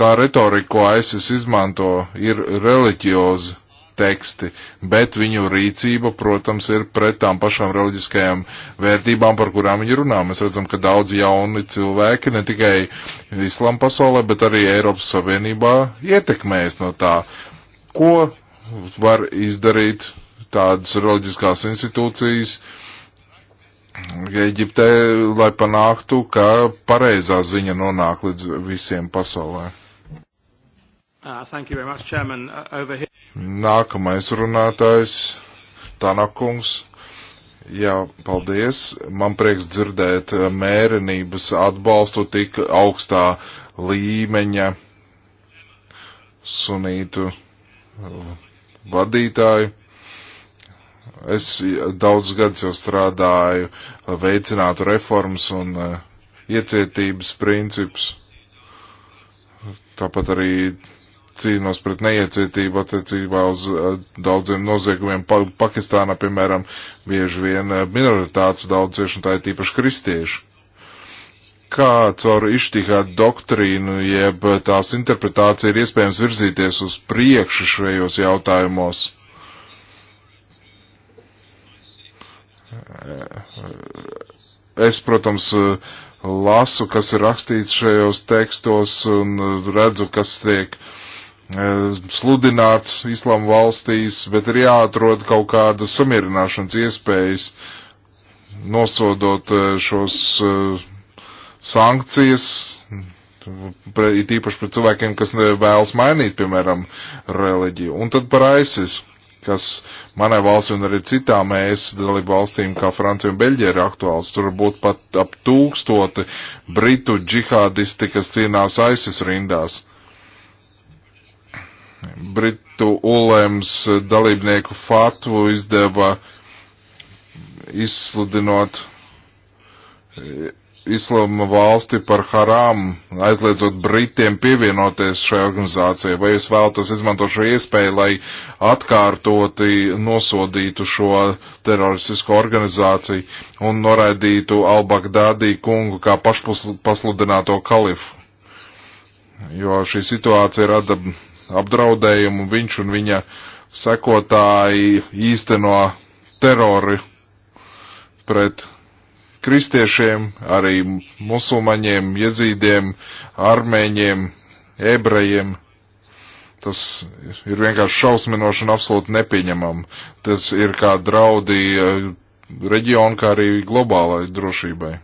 tā retorika, ko ISIS izmanto, ir reliģioza teksti, bet viņu rīcība, protams, ir pret tām pašām reliģiskajām vērtībām, par kurām viņi runā. Mēs redzam, ka daudz jauni cilvēki ne tikai islām pasaulē, bet arī Eiropas Savienībā ietekmējas no tā, ko var izdarīt tādas reliģiskās institūcijas, Eģiptē, lai panāktu, ka pareizā ziņa nonāk līdz visiem pasaulē. Uh, much, Chairman, uh, Nākamais runātājs Tanakungs. Jā, paldies. Man prieks dzirdēt eh, mērenības atbalstu tik augstā līmeņa sunītu eh, vadītāju. Es daudz gadus jau strādāju, lai veicinātu reformas un eh, iecietības principus. Tāpat arī cīnos pret neiecietību attiecībā uz eh, daudziem noziegumiem. Pa Pakistānā, piemēram, bieži vien eh, minoritātes daudz cieši, un tā ir tīpaši kristieši. Kā caur ištihā doktrīnu, jeb tās interpretācija ir iespējams virzīties uz priekšu šajos jautājumos? Eh, es, protams, lasu, kas ir rakstīts šajos tekstos un redzu, kas tiek uh, Eh, sludināts islāma valstīs, bet ir jāatrod kaut kāda samierināšanas iespējas, nosodot eh, šos eh, sankcijas, it īpaši pret cilvēkiem, kas vēlas mainīt, piemēram, reliģiju. Un tad par ISIS, kas manai valstī un arī citām ES dalību valstīm, kā Francija un Beļģija, ir aktuāls. Tur būtu pat ap tūkstoti britu džihādisti, kas cīnās ISIS rindās Britu Ulēms dalībnieku fatvu izdeva izsludinot islama valsti par haram, aizliedzot Britiem pievienoties šai organizācijai, vai jūs vēlaties izmantot šo iespēju, lai atkārtoti nosodītu šo teroristisko organizāciju un noraidītu Al-Baghdādī kungu kā pašpasludināto kalifu? Jo šī situācija rada apdraudējumu, viņš un viņa sekotāji īsteno terori pret kristiešiem, arī musulmaņiem, jezīdiem, armēņiem, ebrejiem. Tas ir vienkārši šausminoši un absolūti nepieņemam. Tas ir kā draudi eh, reģionu, kā arī globālai drošībai.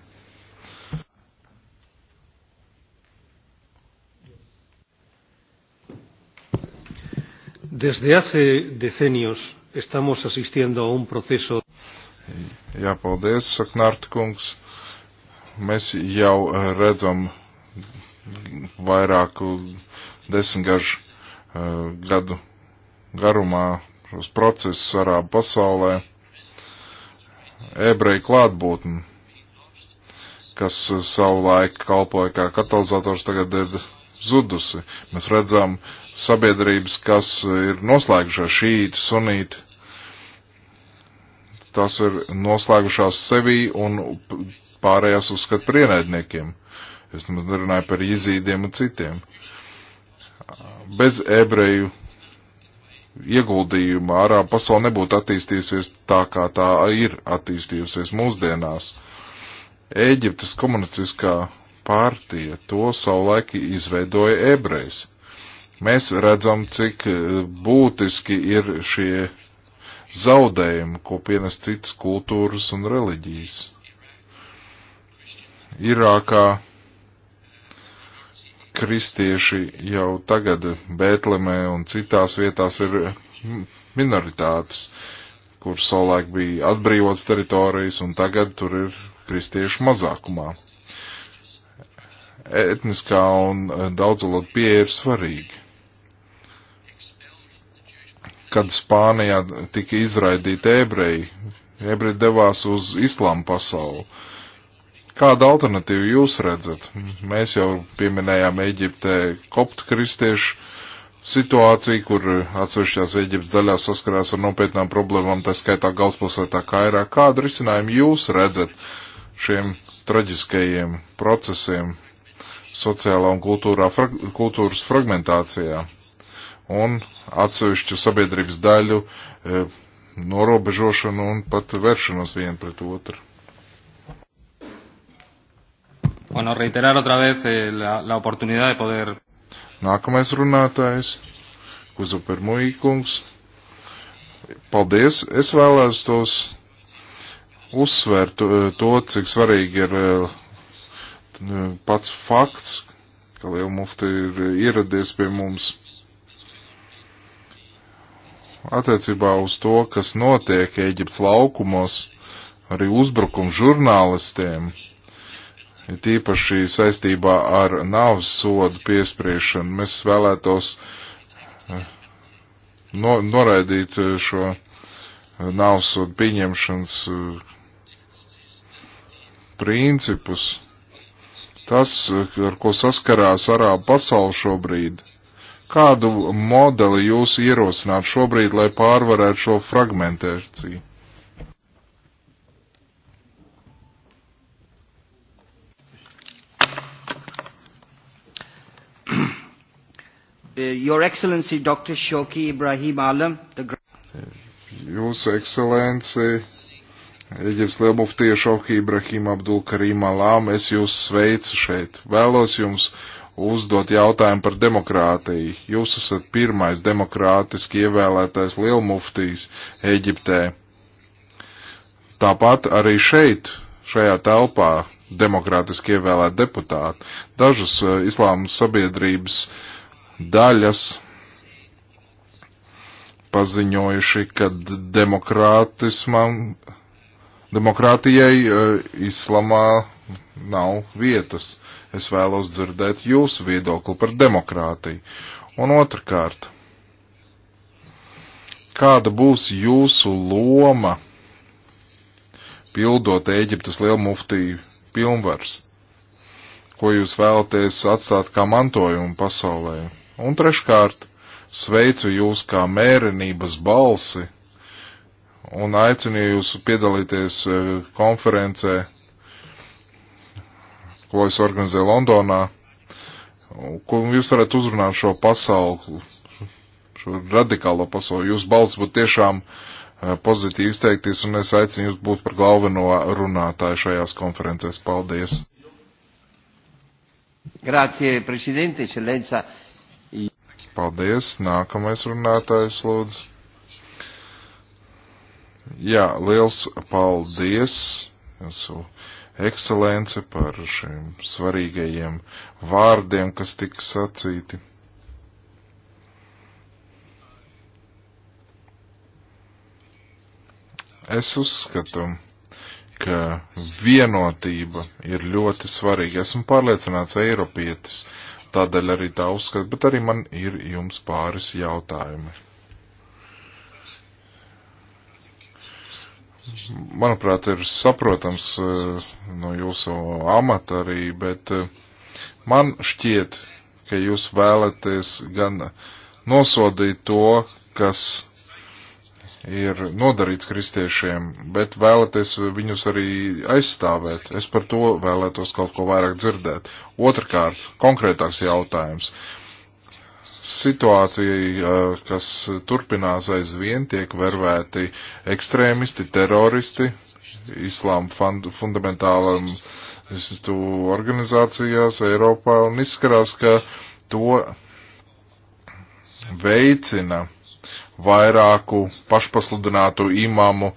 Desde hace decenios estamos asistiendo a un proceso. Jā, paldies, Saknārta kungs. Mēs jau eh, redzam vairāku desmitgažu eh, gadu garumā šos procesus arābu pasaulē. Ebreju klātbūtni, kas eh, savulaik kalpoja kā katalizators, tagad ir zudusi. Mēs redzam sabiedrības, kas ir noslēgušās šīti, sunīti. Tas ir noslēgušās sevī un pārējās uzskat par ienaidniekiem. Es nemaz nerunāju par izīdiem un citiem. Bez ebreju ieguldījuma ārā pasaule nebūtu attīstījusies tā, kā tā ir attīstījusies mūsdienās. Ēģiptes komunistiskā partija. To savulaik izveidoja ebrejs. Mēs redzam, cik eh, būtiski ir šie zaudējumi, ko pienes citas kultūras un reliģijas. Irākā kristieši jau tagad Bētlemē un citās vietās ir minoritātes, kur savulaik bija atbrīvots teritorijas, un tagad tur ir kristiešu mazākumā etniskā un eh, daudzalotu pieeja ir svarīga. Kad Spānijā tika izraidīti ebreji, ebreji devās uz islāma pasauli. Kādu alternatīvu jūs redzat? Mēs jau pieminējām Eģiptē koptu kristiešu situāciju, kur atsevišķās Eģiptes daļās saskarās ar nopietnām problēmām, tā skaitā galvaspilsētā Kairā. Kādu risinājumu jūs redzat šiem traģiskajiem procesiem, sociālā un kultūrā, fra, kultūras fragmentācijā un atsevišķu sabiedrības daļu e, norobežošanu un pat vēršanos vienu pret otru. Bueno, reiterar otra vez eh, la, la oportunidad de poder. Nākamais runātājs, Kuzuper Muīkungs. Paldies! Es vēlētos uzsvērt eh, to, cik svarīgi ir eh, E, pats fakts, ka Liela Mufti ir ieradies pie mums attiecībā uz to, kas notiek Eģiptes laukumos, arī uzbrukumu žurnālistiem, ir tīpaši saistībā ar nāvs sodu piespriešanu. Mēs vēlētos e, no, noraidīt e, šo nāvs sodu pieņemšanas principus tas, ar ko saskarās arābu pasauli šobrīd. Kādu modeli jūs ierosināt šobrīd, lai pārvarētu šo fragmentēciju? Eh, Your Excellency Dr. Shoki Ibrahim Alam, the eh, Jūsu ekscelenci Eģipts Lielmuftija Šoki Ibrahim Abdul Karim Alām, es jūs sveicu šeit. Vēlos jums uzdot jautājumu par demokrātiju. Jūs esat pirmais demokrātiski ievēlētais Lielmuftijs Eģiptē. Tāpat arī šeit, šajā telpā, demokrātiski ievēlēt deputāti. Dažas uh, islāma sabiedrības daļas paziņojuši, ka demokrātismam Demokrātijai e, islamā nav vietas. Es vēlos dzirdēt jūsu viedokli par demokrātiju. Un otrkārt, kāda būs jūsu loma pildot Ēģiptes lielu muftiju pilnvars? Ko jūs vēlaties atstāt kā mantojumu pasaulē? Un treškārt, sveicu jūs kā mērenības balsi un aicinu jūs piedalīties e, konferencē, ko es organizēju Londonā, ko jūs varētu uzrunāt šo pasauli, šo radikālo pasauli. Jūs balsts būtu tiešām e, pozitīvi izteikties, un es aicinu jūs būt par galveno runātāju šajās konferencēs. Paldies! Grazie, Presidente, Eccellenza. Paldies. Nākamais runātājs, lūdzu. Jā, liels paldies jūsu ekscelence par šiem svarīgajiem vārdiem, kas tika sacīti. Es uzskatu, ka vienotība ir ļoti svarīga. Esmu pārliecināts Eiropietis, tādēļ arī tā uzskatu, bet arī man ir jums pāris jautājumi. manuprāt, ir saprotams e, no jūsu amata arī, bet e, man šķiet, ka jūs vēlaties gan nosodīt to, kas ir nodarīts kristiešiem, bet vēlaties viņus arī aizstāvēt. Es par to vēlētos kaut ko vairāk dzirdēt. Otrakārt, konkrētāks jautājums. Uh, situācija, kas turpinās aizvien, tiek vervēti ekstrēmisti, teroristi, islāma fundamentālam organizācijās Eiropā un izskatās, ka to veicina vairāku pašpasludinātu imāmu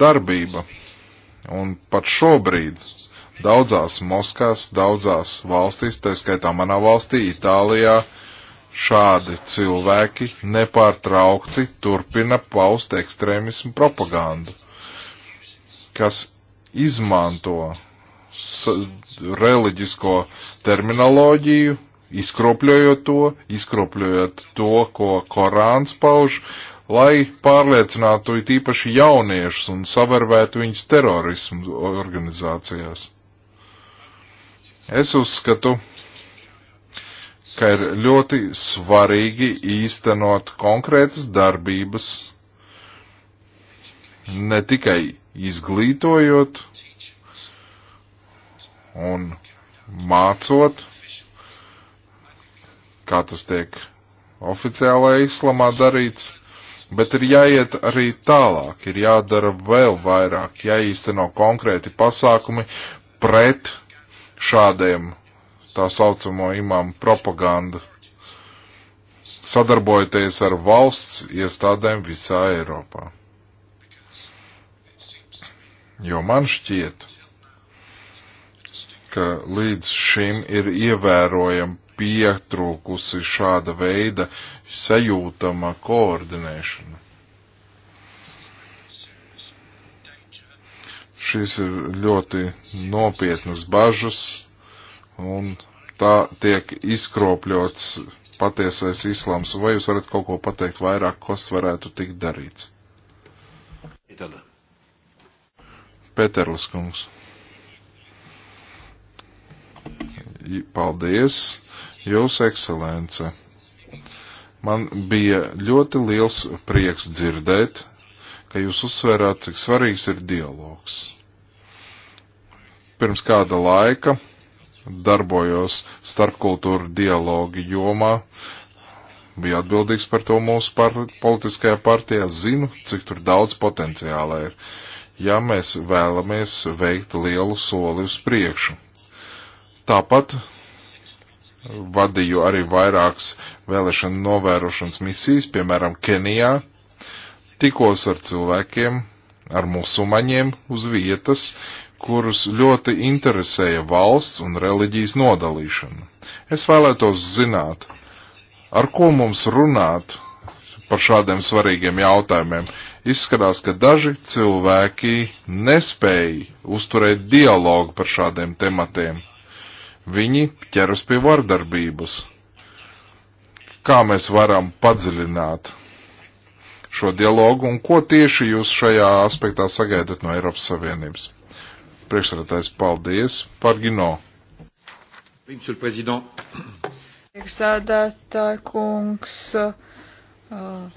darbība. Un pat šobrīd daudzās Moskās, daudzās valstīs, tā skaitā manā valstī, Itālijā, uh, šādi cilvēki nepārtraukti turpina paust ekstrēmismu propagandu, kas izmanto reliģisko terminoloģiju, izkropļojot to, izkropļojot to, ko Korāns pauž, lai pārliecinātu it īpaši jauniešus un savervētu viņus terorismu organizācijās. Es uzskatu, ka ir ļoti svarīgi īstenot konkrētas darbības, ne tikai izglītojot un mācot, kā tas tiek oficiālajā islamā darīts, bet ir jāiet arī tālāk, ir jādara vēl vairāk, jāīsteno konkrēti pasākumi pret šādiem tā saucamo imām propagandu, sadarbojoties ar valsts iestādēm visā Eiropā. Jo man šķiet, ka līdz šim ir ievērojami pietrūkusi šāda veida sajūtama koordinēšana. Šīs ir ļoti nopietnas bažas, un tā tiek izkropļots patiesais islāms. Vai jūs varat kaut ko pateikt vairāk, kas varētu tikt darīts? Itāda. Peterlis kungs. Paldies, jūs ekscelence. Man bija ļoti liels prieks dzirdēt, ka jūs uzsvērāt, cik svarīgs ir dialogs. Pirms kāda laika darbojos starpkultūra dialogu jomā, bija atbildīgs par to mūsu par politiskajā partijā, zinu, cik tur daudz potenciāla ir, ja mēs vēlamies veikt lielu soli uz priekšu. Tāpat vadīju arī vairākas vēlēšana novērošanas misijas, piemēram, Kenijā, tikos ar cilvēkiem, ar musulmaņiem uz vietas, kurus ļoti interesēja valsts un reliģijas nodalīšana. Es vēlētos zināt, ar ko mums runāt par šādiem svarīgiem jautājumiem. Izskatās, ka daži cilvēki nespēja uzturēt dialogu par šādiem tematiem. Viņi ķeras pie vardarbības. Kā mēs varam padziļināt šo dialogu un ko tieši jūs šajā aspektā sagaidat no Eiropas Savienības? Priekšsēdētājs, paldies. Pargino. Priekšsēdētāja kungs, uh,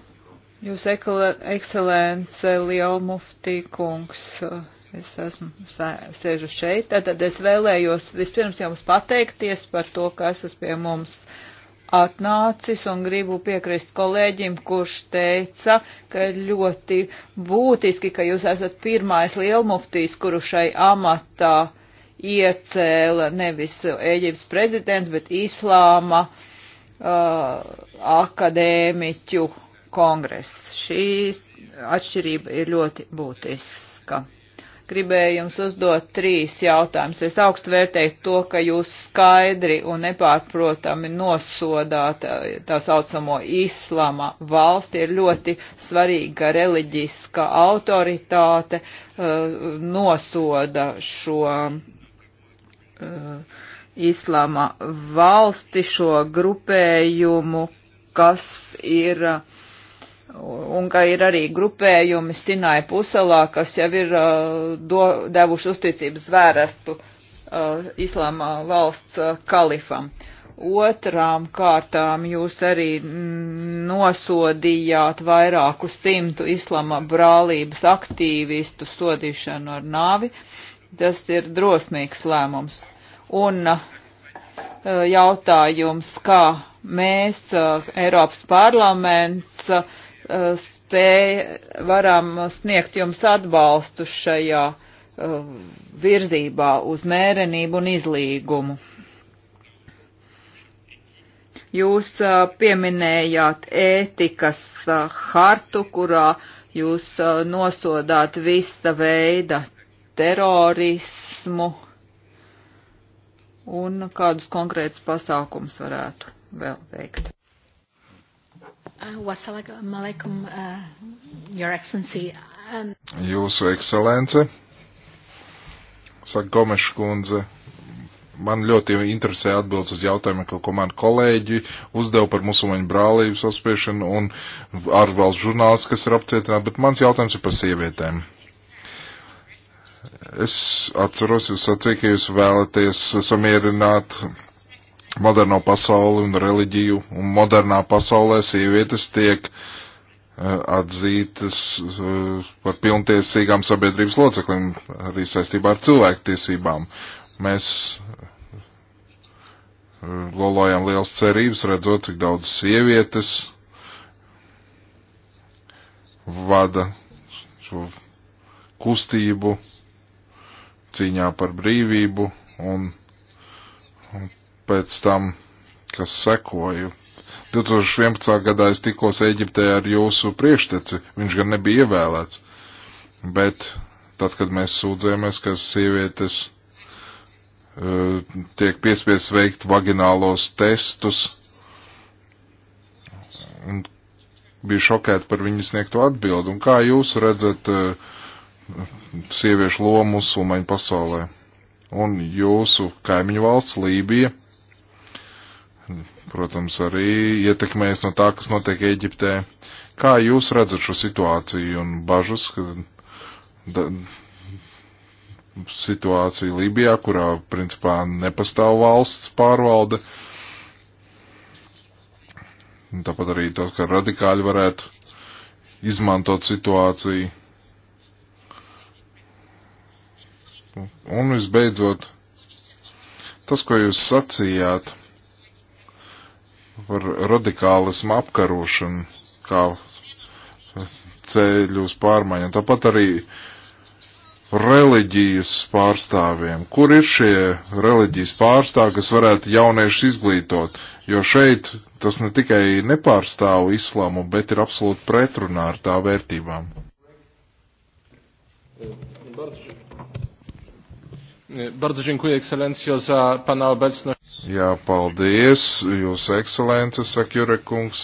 jūs ekscelence Liela Muftī kungs, uh, es esmu sēžu šeit, tad es vēlējos vispirms jums pateikties par to, ka esat pie mums atnācis un gribu piekrist kolēģim, kurš teica, ka ir ļoti būtiski, ka jūs esat pirmais lielmuftīs, kuru šai amatā iecēla nevis Eģiptes prezidents, bet Islāma uh, akadēmiķu kongress. Šī atšķirība ir ļoti būtiska gribēju jums uzdot trīs jautājumus. Es augstu vērtēju to, ka jūs skaidri un nepārprotami nosodāt eh, tā saucamo islama valsti. Ir ļoti svarīga reliģiska autoritāte uh, nosoda šo uh, islama valsti, šo grupējumu, kas ir uh, un ka ir arī grupējumi Sinai puselā, kas jau ir uh, do, devuši uzticības vērstu uh, islāma valsts uh, kalifam. Otrām kārtām jūs arī mm, nosodījāt vairāku simtu islama brālības aktīvistu sodīšanu ar nāvi. Tas ir drosmīgs lēmums. Un uh, jautājums, kā mēs, uh, Eiropas parlaments, uh, Eh, spēj, varam sniegt jums atbalstu šajā eh, virzībā uz mērenību un izlīgumu. Jūs eh, pieminējāt ētikas hartu, kurā jūs nosodāt visa veida terorismu un kādus konkrētus pasākums varētu vēl veikt. Uh, Wassalamu alaikum, uh, Your Excellency. Um... Jūsu ekscelence, saka Gomeša kundze, man ļoti interesē atbildes uz jautājumiem, ko man kolēģi uzdeva par musulmaņu brālību saspiešanu un ārvalsts žurnāls, kas ir apcietināti, bet mans jautājums ir par sievietēm. Es atceros, jūs sacīja, ka jūs vēlaties samierināt moderno pasauli un reliģiju, un modernā pasaulē sievietes tiek eh, atzītas eh, par pilntiesīgām sabiedrības loceklim arī saistībā ar cilvēktiesībām. Mēs eh, lolojam liels cerības, redzot, cik daudz sievietes vada šo kustību cīņā par brīvību un, un pēc tam, kas sekoju. 2011. gadā es tikos Eģiptē ar jūsu priekšteci, viņš gan nebija ievēlēts, bet tad, kad mēs sūdzējamies, ka sievietes uh, tiek piespies veikt vaginālos testus, un bija šokēta par viņu sniegto atbildi. Un kā jūs redzat uh, sieviešu lomu musulmaņu pasaulē? Un jūsu kaimiņu valsts Lībija protams, arī ietekmēs no tā, kas notiek Eģiptē. Kā jūs redzat šo situāciju un bažas, ka da, situācija Libijā, kurā principā nepastāv valsts pārvalde, tāpat arī to, ka radikāļi varētu izmantot situāciju. Un visbeidzot, tas, ko jūs sacījāt, par radikālismu apkarošanu kā ceļu uz pārmaiņām. Tāpat arī reliģijas pārstāvjiem. Kur ir šie reliģijas pārstāvji, kas varētu jauniešu izglītot? Jo šeit tas ne tikai nepārstāv islāmu, bet ir absolūti pretrunā ar tā vērtībām. Bardzo dziękuję, ekscelencjo, za Pana obecność. Jā, paldies, jūs ekscelence, saka Jurekungs.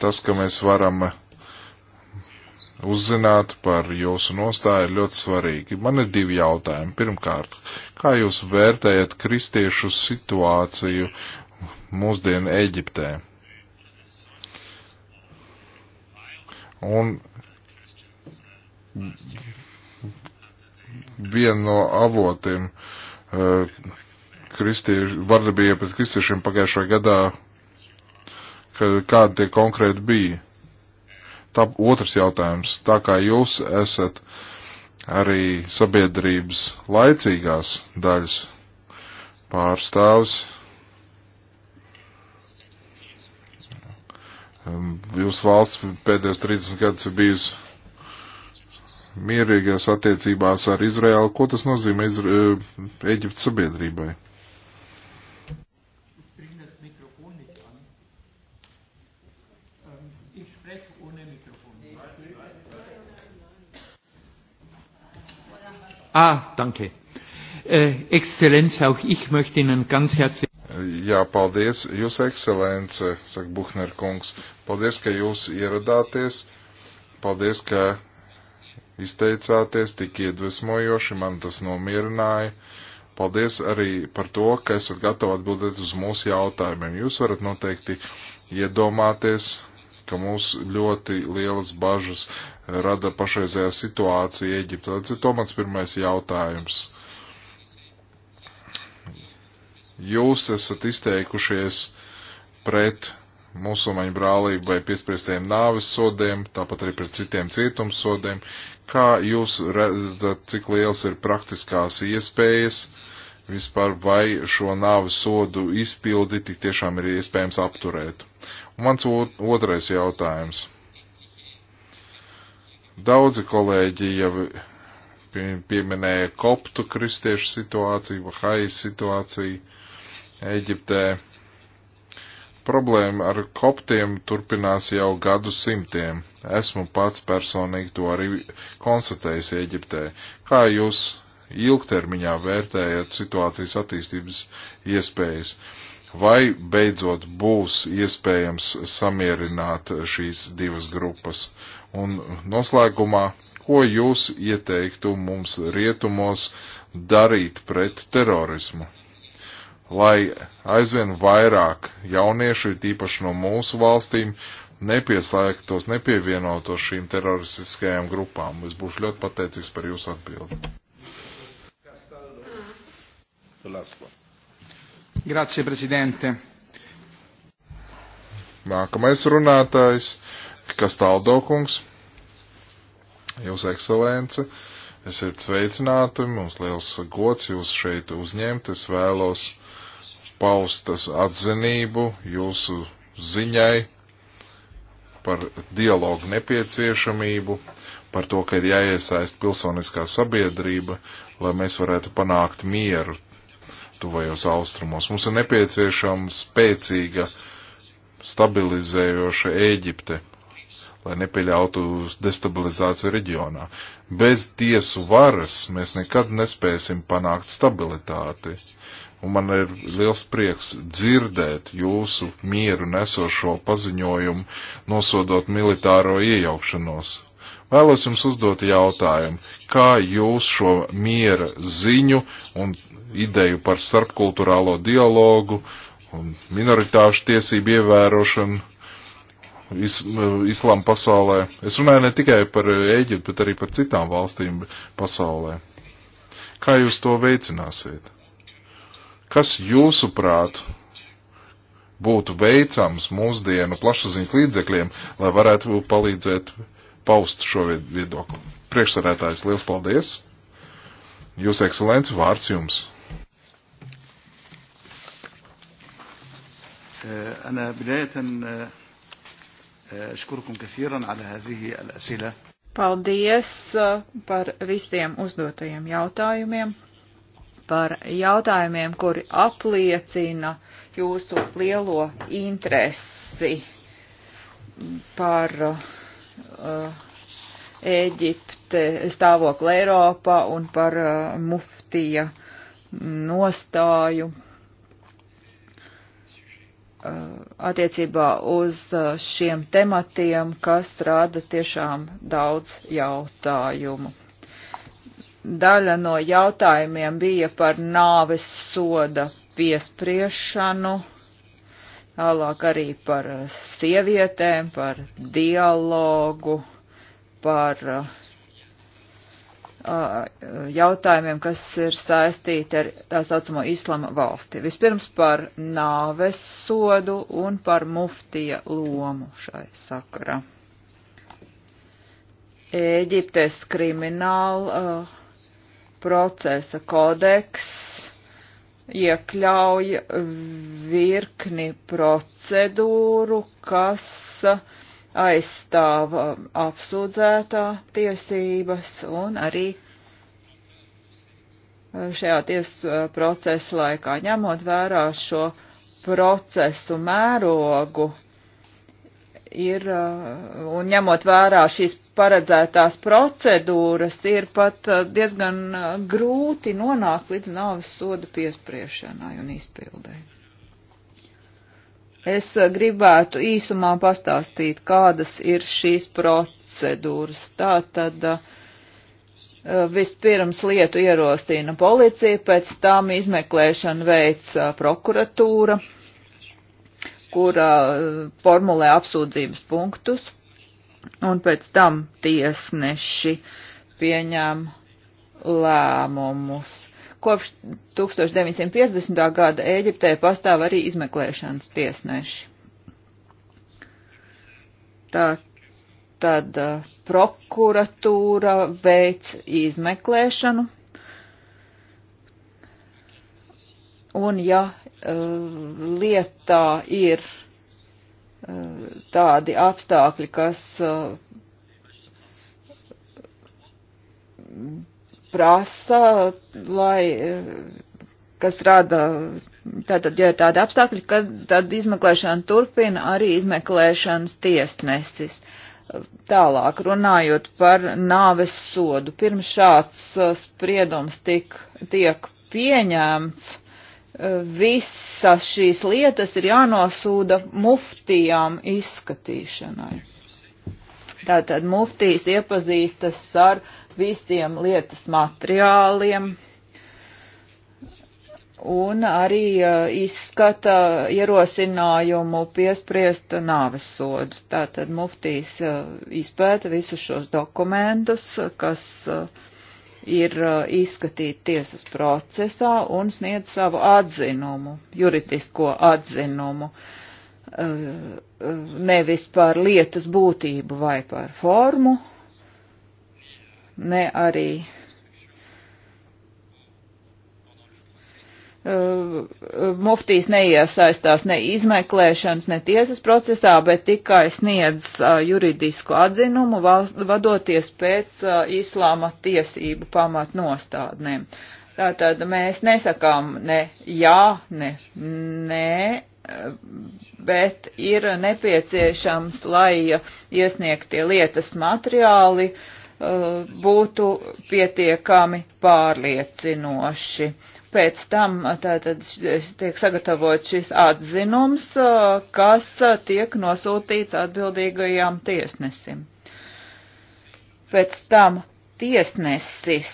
Tas, ka mēs varam uzzināt par jūsu nostāju ir ļoti svarīgi. Man ir divi jautājumi. Pirmkārt, kā jūs vērtējat kristiešu situāciju mūsdienu Eģiptē? Un viena no avotiem, eh, kristieši, vardarbība pret kristiešiem pagājušajā gadā, ka, kāda tie konkrēti bija. Tā otrs jautājums. Tā kā jūs esat arī sabiedrības laicīgās daļas pārstāvs, um, jūsu valsts pēdējos 30 gadus ir bijusi mierīgās attiecībās ar Izraēlu. Ko tas nozīmē Eģiptes sabiedrībai? Ah, danke. Äh, Exzellenz, auch ich möchte Ihnen ganz herzlich. Jā, paldies, Jūs ekscelence, saka Buhner kungs. Paldies, ka jūs ieradāties. Paldies, ka izteicāties tik iedvesmojoši, man tas nomierināja. Paldies arī par to, ka esat gatavi atbildēt uz mūsu jautājumiem. Jūs varat noteikti iedomāties, ka mūs ļoti lielas bažas rada pašreizējā situācija Eģiptē. Tas ir to mans pirmais jautājums. Jūs esat izteikušies pret musulmaņu brālību vai piespriestiem nāves sodiem, tāpat arī pret citiem cietums sodiem. Kā jūs redzat, cik liels ir praktiskās iespējas? vispār vai šo nāves sodu izpildi tik tiešām ir iespējams apturēt. Un mans otrais jautājums. Daudzi kolēģi jau pieminēja koptu kristiešu situāciju, Bahai situāciju Eģiptē. Problēma ar koptiem turpinās jau gadu simtiem. Esmu pats personīgi to arī konstatējis Eģiptē. Kā jūs ilgtermiņā vērtējat situācijas attīstības iespējas? Vai beidzot būs iespējams samierināt šīs divas grupas? Un noslēgumā, ko jūs ieteiktu mums rietumos darīt pret terorismu? Lai aizvien vairāk jauniešu, tīpaši no mūsu valstīm, nepieslēgtos, nepievienotos šīm teroristiskajām grupām. Es būšu ļoti pateicīgs par jūsu atbildi. The last one. Grazie, Presidente. Nākamais runātājs, kas taldokungs, jūs ekscelence, esiet sveicināti, mums liels gods jūs šeit uzņemt, es vēlos paustas atzinību jūsu ziņai par dialogu nepieciešamību, par to, ka ir jāiesaist pilsoniskā sabiedrība, lai mēs varētu panākt mieru tuvajos austrumos. Mums ir nepieciešama spēcīga, stabilizējoša Ēģipte, lai nepieļautu destabilizāciju reģionā. Bez tiesu varas mēs nekad nespēsim panākt stabilitāti. Un man ir liels prieks dzirdēt jūsu mieru nesošo paziņojumu, nosodot militāro iejaukšanos Vēlos jums uzdot jautājumu, kā jūs šo miera ziņu un ideju par starpkulturālo dialogu un minoritāšu tiesību ievērošanu is, islāma pasaulē. Es runāju ne tikai par Ēģiptu, bet arī par citām valstīm pasaulē. Kā jūs to veicināsiet? Kas jūsuprāt būtu veicams mūsdienu plašsaziņas līdzekļiem, lai varētu palīdzēt paust šo viedokli. Priekšsarētājs, liels paldies! Jūs, ekscelenci, vārds jums! Eh, أنا بداية eh, eh, أشكركم كثيرا على هذه الأسئلة. Paldies par visiem uzdotajiem jautājumiem, par jautājumiem, kuri apliecina jūsu lielo interesi par uh, Uh, Ēģipte stāvokli Eiropā un par uh, muftija nostāju uh, attiecībā uz šiem tematiem, kas rada tiešām daudz jautājumu. Daļa no jautājumiem bija par nāves soda piespriešanu. Uh, tālāk arī par uh, sievietēm, par dialogu, par uh, uh, jautājumiem, kas ir saistīti ar tā saucamo islama valsti. Vispirms par nāves sodu un par muftija lomu šai sakarā. Ēģiptes krimināla uh, procesa kodeks iekļauj virkni procedūru, kas aizstāv apsūdzētā tiesības un arī šajā tiesa eh, procesa laikā, ņemot vērā šo procesu mērogu, ir, eh, un ņemot vērā šīs paredzētās procedūras ir pat uh, diezgan uh, grūti nonākt līdz nāves soda piespriešanai un izpildēji. Es uh, gribētu īsumā pastāstīt, kādas ir šīs procedūras. Tātad vispirms lietu ierostina policija, pēc tam izmeklēšana veids prokuratūra, kura formulē apsūdzības punktus un pēc tam tiesneši pieņem lēmumus. Kopš 1950. gada Ēģiptē pastāv arī izmeklēšanas tiesneši. Tā tad uh, prokuratūra veic izmeklēšanu, un ja uh, lietā ir tādi apstākļi, kas uh, prasa, lai, uh, kas rada, tātad, ja ir tādi apstākļi, kad, tad izmeklēšana turpina arī izmeklēšanas tiesnesis. Tālāk runājot par nāves sodu, pirms šāds uh, spriedums tik, tiek pieņēmts, visas šīs lietas ir jānosūda muftijām izskatīšanai. Tātad muftijas iepazīstas ar visiem lietas materiāliem un arī izskata ierosinājumu piespriest nāvesodu. Tātad muftijas izpēta visus šos dokumentus, kas uh, ir uh, izskatīti tiesas procesā un sniedz savu atzinumu, juridisko atzinumu, uh, uh, nevis par lietas būtību vai par formu, ne arī Uh, muftīs neiesaistās ne izmeklēšanas, ne tiesas procesā, bet tikai sniedz uh, juridisku atzinumu, vadoties pēc uh, islāma tiesību pamatnostādnēm. Tātad mēs nesakām ne jā, ne nē, bet ir nepieciešams, lai iesniegtie lietas materiāli būtu pietiekami pārliecinoši Pēc tam uh, tātad tiek sagatavot šis atzinums, uh, kas uh, tiek nosūtīts atbildīgajām tiesnesim. Pēc tam tiesnesis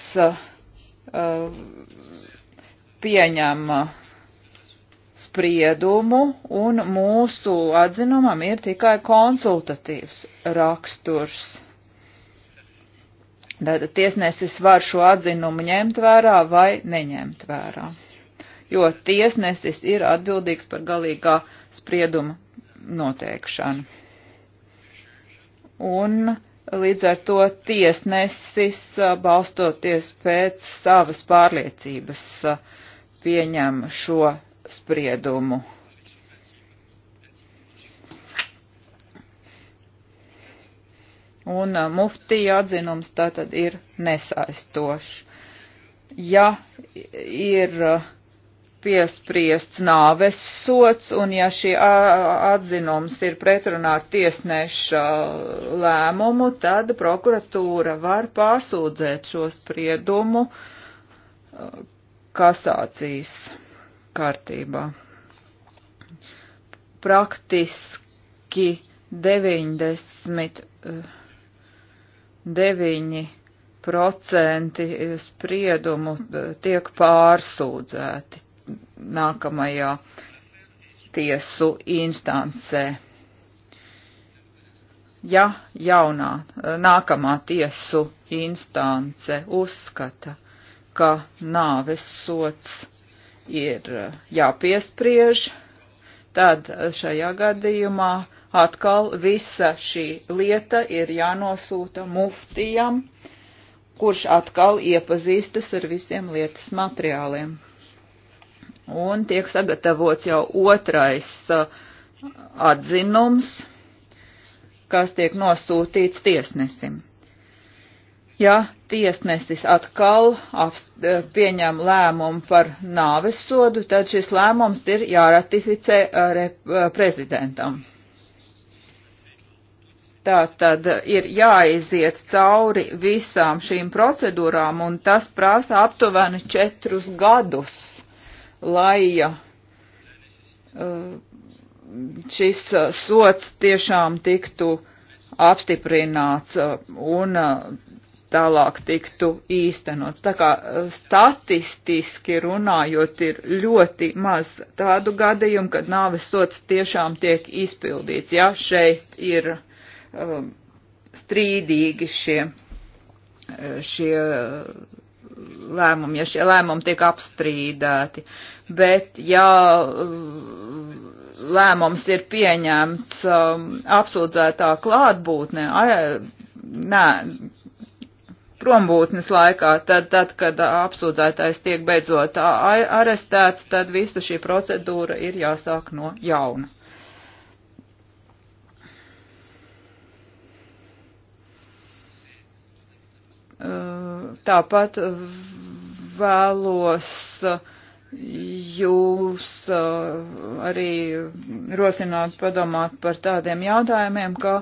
pieņem spriedumu, un mūsu atzinumam ir tikai konsultatīvs raksturs. Tātad tiesnesis var šo atzinumu ņemt vērā vai neņemt vērā, jo tiesnesis ir atbildīgs par galīgā sprieduma noteikšanu. Un līdz ar to tiesnesis, balstoties pēc savas pārliecības, pieņem šo spriedumu. un uh, muftija atzinums tātad ir nesaistošs. Ja ir uh, piespriests nāves sots, un ja šī atzinums ir pretrunā ar tiesneša lēmumu, tad prokuratūra var pārsūdzēt šo spriedumu uh, kasācijas kārtībā. Praktiski 90. Uh, 9% spriedumu e, tiek pārsūdzēti nākamajā tiesu instancē. Ja jaunā e, nākamā tiesu instance uzskata, ka nāves sots ir e, jāpiespriež, tad šajā gadījumā uh, atkal visa šī lieta ir jānosūta muftijam, kurš atkal iepazīstas ar visiem lietas materiāliem. Un tiek sagatavots jau otrais uh, atzinums, kas tiek nosūtīts tiesnesim. Ja tiesnesis atkal uh, pieņem lēmumu par nāves sodu, tad šis lēmums ir jāratificē uh, prezidentam. Tā tad ir jāiziet cauri visām šīm procedūrām, un tas prasa aptuveni četrus gadus, lai uh, šis uh, sots tiešām tiktu apstiprināts uh, un tālāk tiktu īstenots. Tā kā statistiski runājot, ir ļoti maz tādu gadījumu, kad nāves sots tiešām tiek izpildīts. Ja šeit ir um, strīdīgi šie, uh, šie uh, lēmumi, ja šie lēmumi tiek apstrīdēti. Bet ja uh, lēmums ir pieņemts um, apsūdzētā klātbūtnē, nē, prombūtnes laikā, tad, tad kad apsūdzētais tiek beidzot arestēts, tad visa šī procedūra ir jāsāk no jauna. Eh, tāpat vēlos eh, jūs eh, arī rosināt padomāt par tādiem jautājumiem, ka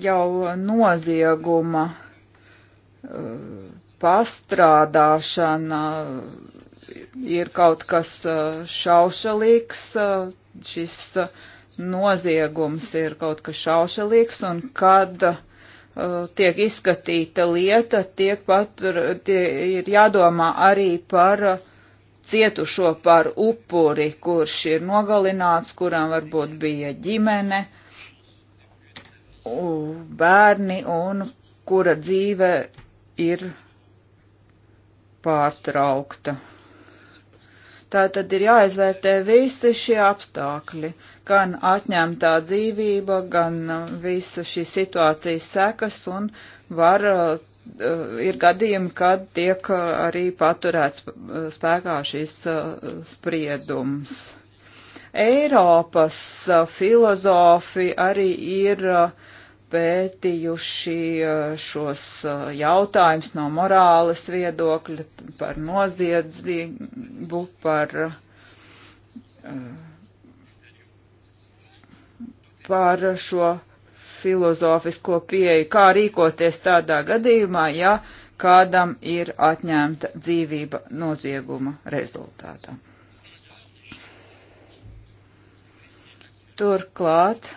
jau nozieguma pastrādāšana ir kaut kas šaušalīgs, šis noziegums ir kaut kas šaušalīgs, un kad uh, Uh, tiek izskatīta lieta, tiek patur, tie ir jādomā arī par uh, cietušo par upuri, kurš ir nogalināts, kuram varbūt bija ģimene, bērni un kura dzīve ir pārtraukta. Tā tad ir jāizvērtē visi šie apstākļi, gan atņemtā dzīvība, gan uh, visa šī situācijas sekas, un var, uh, uh, ir gadījumi, kad tiek arī paturēts spēkā šis spriedums. Eiropas filozofi arī ir uh, pētījuši eh, šos eh, jautājumus no morāles viedokļa par noziedzību, par, eh, par šo filozofisko pieeju, kā rīkoties tādā gadījumā, ja kādam ir atņemta dzīvība nozieguma rezultātā. Turklāt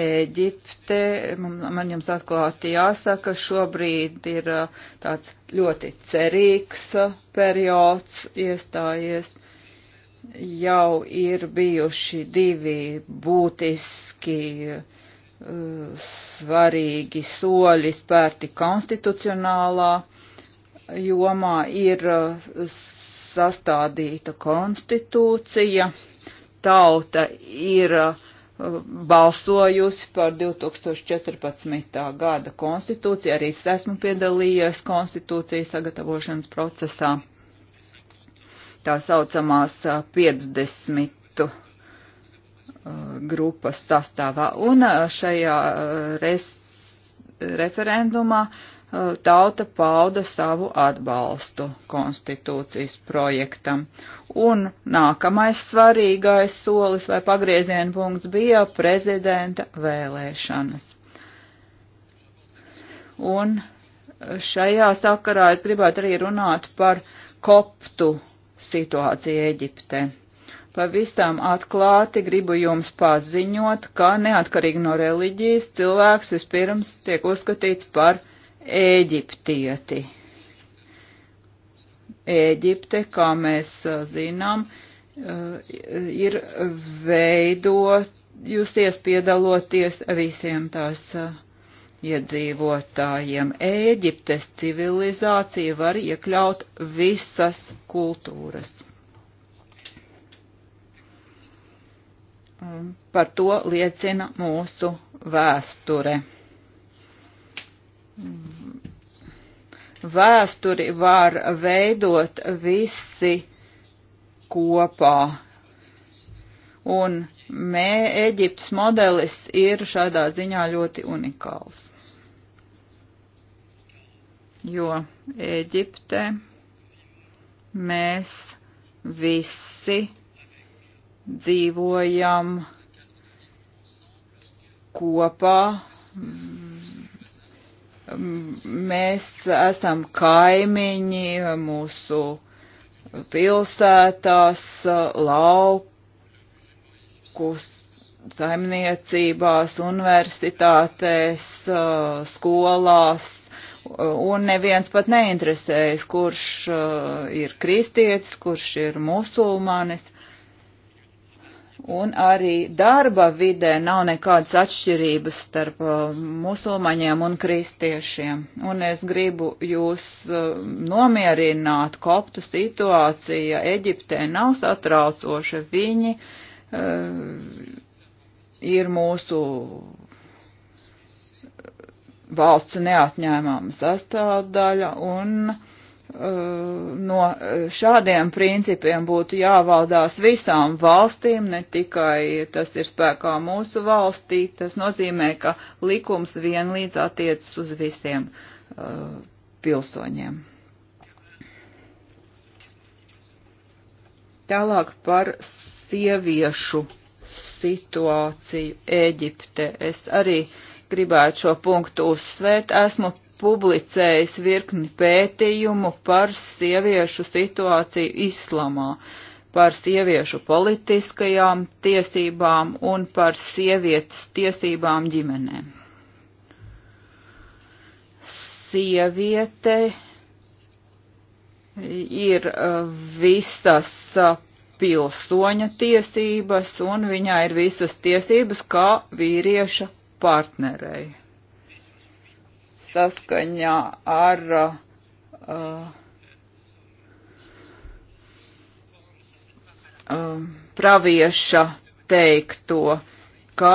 Ēģipte, man, man jums atklāti jāsaka, šobrīd ir uh, tāds ļoti cerīgs uh, periods iestājies. Jau ir bijuši divi būtiski uh, svarīgi soļi spērti konstitucionālā jomā ir uh, sastādīta konstitūcija, tauta ir uh, balsojusi par 2014. gada konstitūciju, arī es esmu piedalījies konstitūcijas sagatavošanas procesā, tā saucamās 50 grupas sastāvā. Un šajā res, referendumā uh, Eh, tauta pauda savu atbalstu konstitūcijas projektam. Un nākamais svarīgais solis vai pagrieziena punkts bija prezidenta vēlēšanas. Un šajā sakarā es gribētu arī runāt par koptu situāciju Eģiptē. Pavisam atklāti gribu jums paziņot, ka neatkarīgi no reliģijas cilvēks vispirms tiek uzskatīts par eģiptieti. Eģipte, kā mēs zinām, ir veidojusies piedaloties visiem tās iedzīvotājiem. Ēģiptes civilizācija var iekļaut visas kultūras. Par to liecina mūsu vēsture. Vēsturi var veidot visi kopā. Un mē, Eģiptes modelis ir šādā ziņā ļoti unikāls. Jo Eģipte mēs visi dzīvojam kopā Mēs esam kaimiņi mūsu pilsētās, laukus, saimniecībās, universitātēs, skolās, un neviens pat neinteresējas, kurš uh, ir kristietis, kurš ir musulmanis. Un arī darba vidē nav nekādas atšķirības starp uh, musulmaņiem un kristiešiem. Un es gribu jūs uh, nomierināt, koptu situācija Eģiptē nav satraucoša. Viņi uh, ir mūsu valsts neatņēmama sastāvdaļa un uh, no šādiem principiem būtu jāvaldās visām valstīm, ne tikai tas ir spēkā mūsu valstī, tas nozīmē, ka likums vienlīdz attiecas uz visiem uh, pilsoņiem. Tālāk par sieviešu situāciju Eģipte. Es arī gribētu šo punktu uzsvērt. Esmu publicējis virkni pētījumu par sieviešu situāciju islamā, par sieviešu politiskajām tiesībām un par sievietes tiesībām ģimenēm. Sieviete ir uh, visas uh, pilsoņa tiesības un viņā ir visas tiesības kā vīrieša partnerei saskaņā ar uh, um, pravieša teikto, ka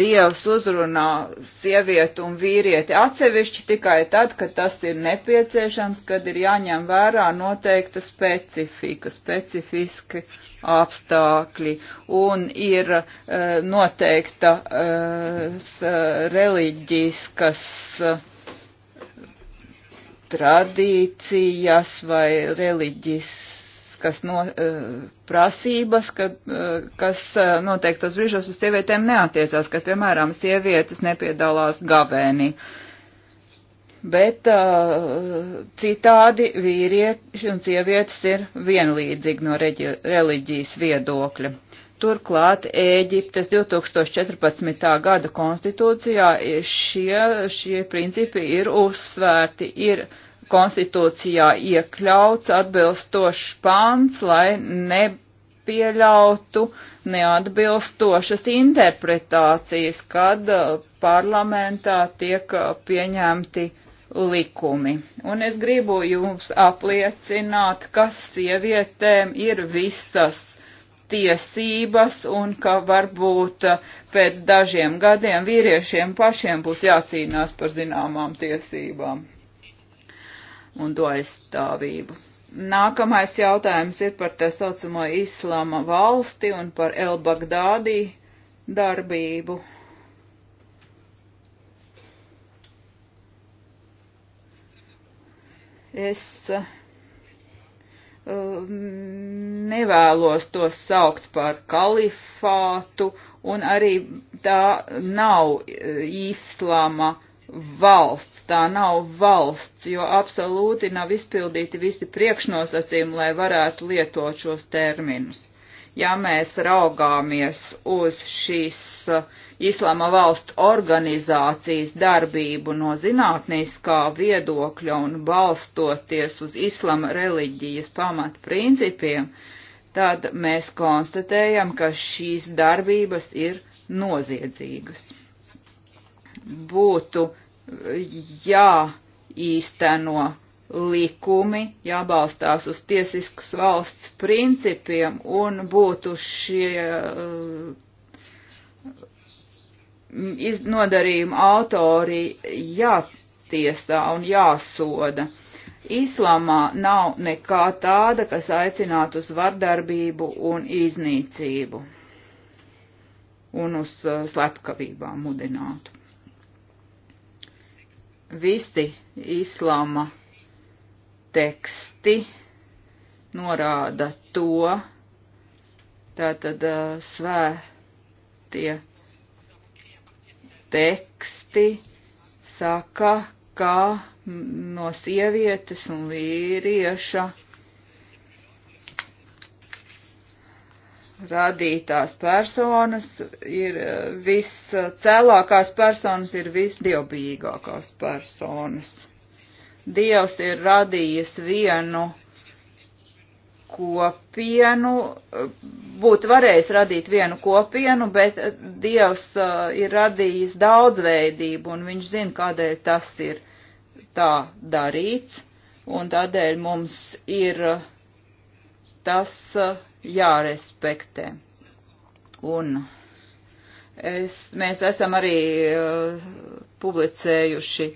Dievs uzrunā sievieti un vīrieti atsevišķi tikai tad, kad tas ir nepieciešams, kad ir jāņem vērā noteikta specifika, specifiski apstākļi un ir uh, noteikta uh, reliģiskas uh, tradīcijas vai reliģiskas juridiskas no, e, prasības, ka, e, kas e, noteiktos brīžos uz sievietēm neatiecās, ka, piemēram, sievietes nepiedalās gavēnī. Bet uh, citādi vīrieši un sievietes ir vienlīdzīgi no reģi, reliģijas viedokļa. Turklāt Ēģiptes 2014. gada konstitūcijā šie, šie principi ir uzsvērti, ir uh, konstitūcijā iekļauts atbilstošs pāns, lai nepieļautu neatbilstošas interpretācijas, kad uh, parlamentā tiek uh, pieņemti likumi. Un es gribu jums apliecināt, ka sievietēm ir visas tiesības un ka varbūt uh, pēc dažiem gadiem vīriešiem pašiem būs jācīnās par zināmām tiesībām un to aizstāvību. Nākamais jautājums ir par tā saucamo islāma valsti un par Elbagdādī darbību. Es uh, nevēlos to saukt par kalifātu, un arī tā nav uh, islāma valsts valsts, tā nav valsts, jo absolūti nav izpildīti visi priekšnosacījumi, lai varētu lietot šos terminus. Ja mēs raugāmies uz šīs uh, islāma valsts organizācijas darbību no zinātniskā viedokļa un balstoties uz islāma reliģijas pamatprincipiem, tad mēs konstatējam, ka šīs darbības ir noziedzīgas būtu jāīsteno likumi, jābalstās uz tiesiskas valsts principiem un būtu šie eh, nodarījuma autori jātiesā un jāsoda. Islāmā nav nekā tāda, kas aicinātu uz vardarbību un iznīcību un uz eh, slepkavībām mudinātu visi islāma teksti norāda to, tātad uh, svētie teksti saka, kā no sievietes un vīrieša radītās personas ir eh, viscēlākās personas, ir visdievbijīgākās personas. Dievs ir radījis vienu kopienu, būtu varējis radīt vienu kopienu, bet Dievs eh, ir radījis daudzveidību un viņš zina, kādēļ tas ir tā darīts, un tādēļ mums ir tas uh, jārespektē. Un es, mēs esam arī uh, publicējuši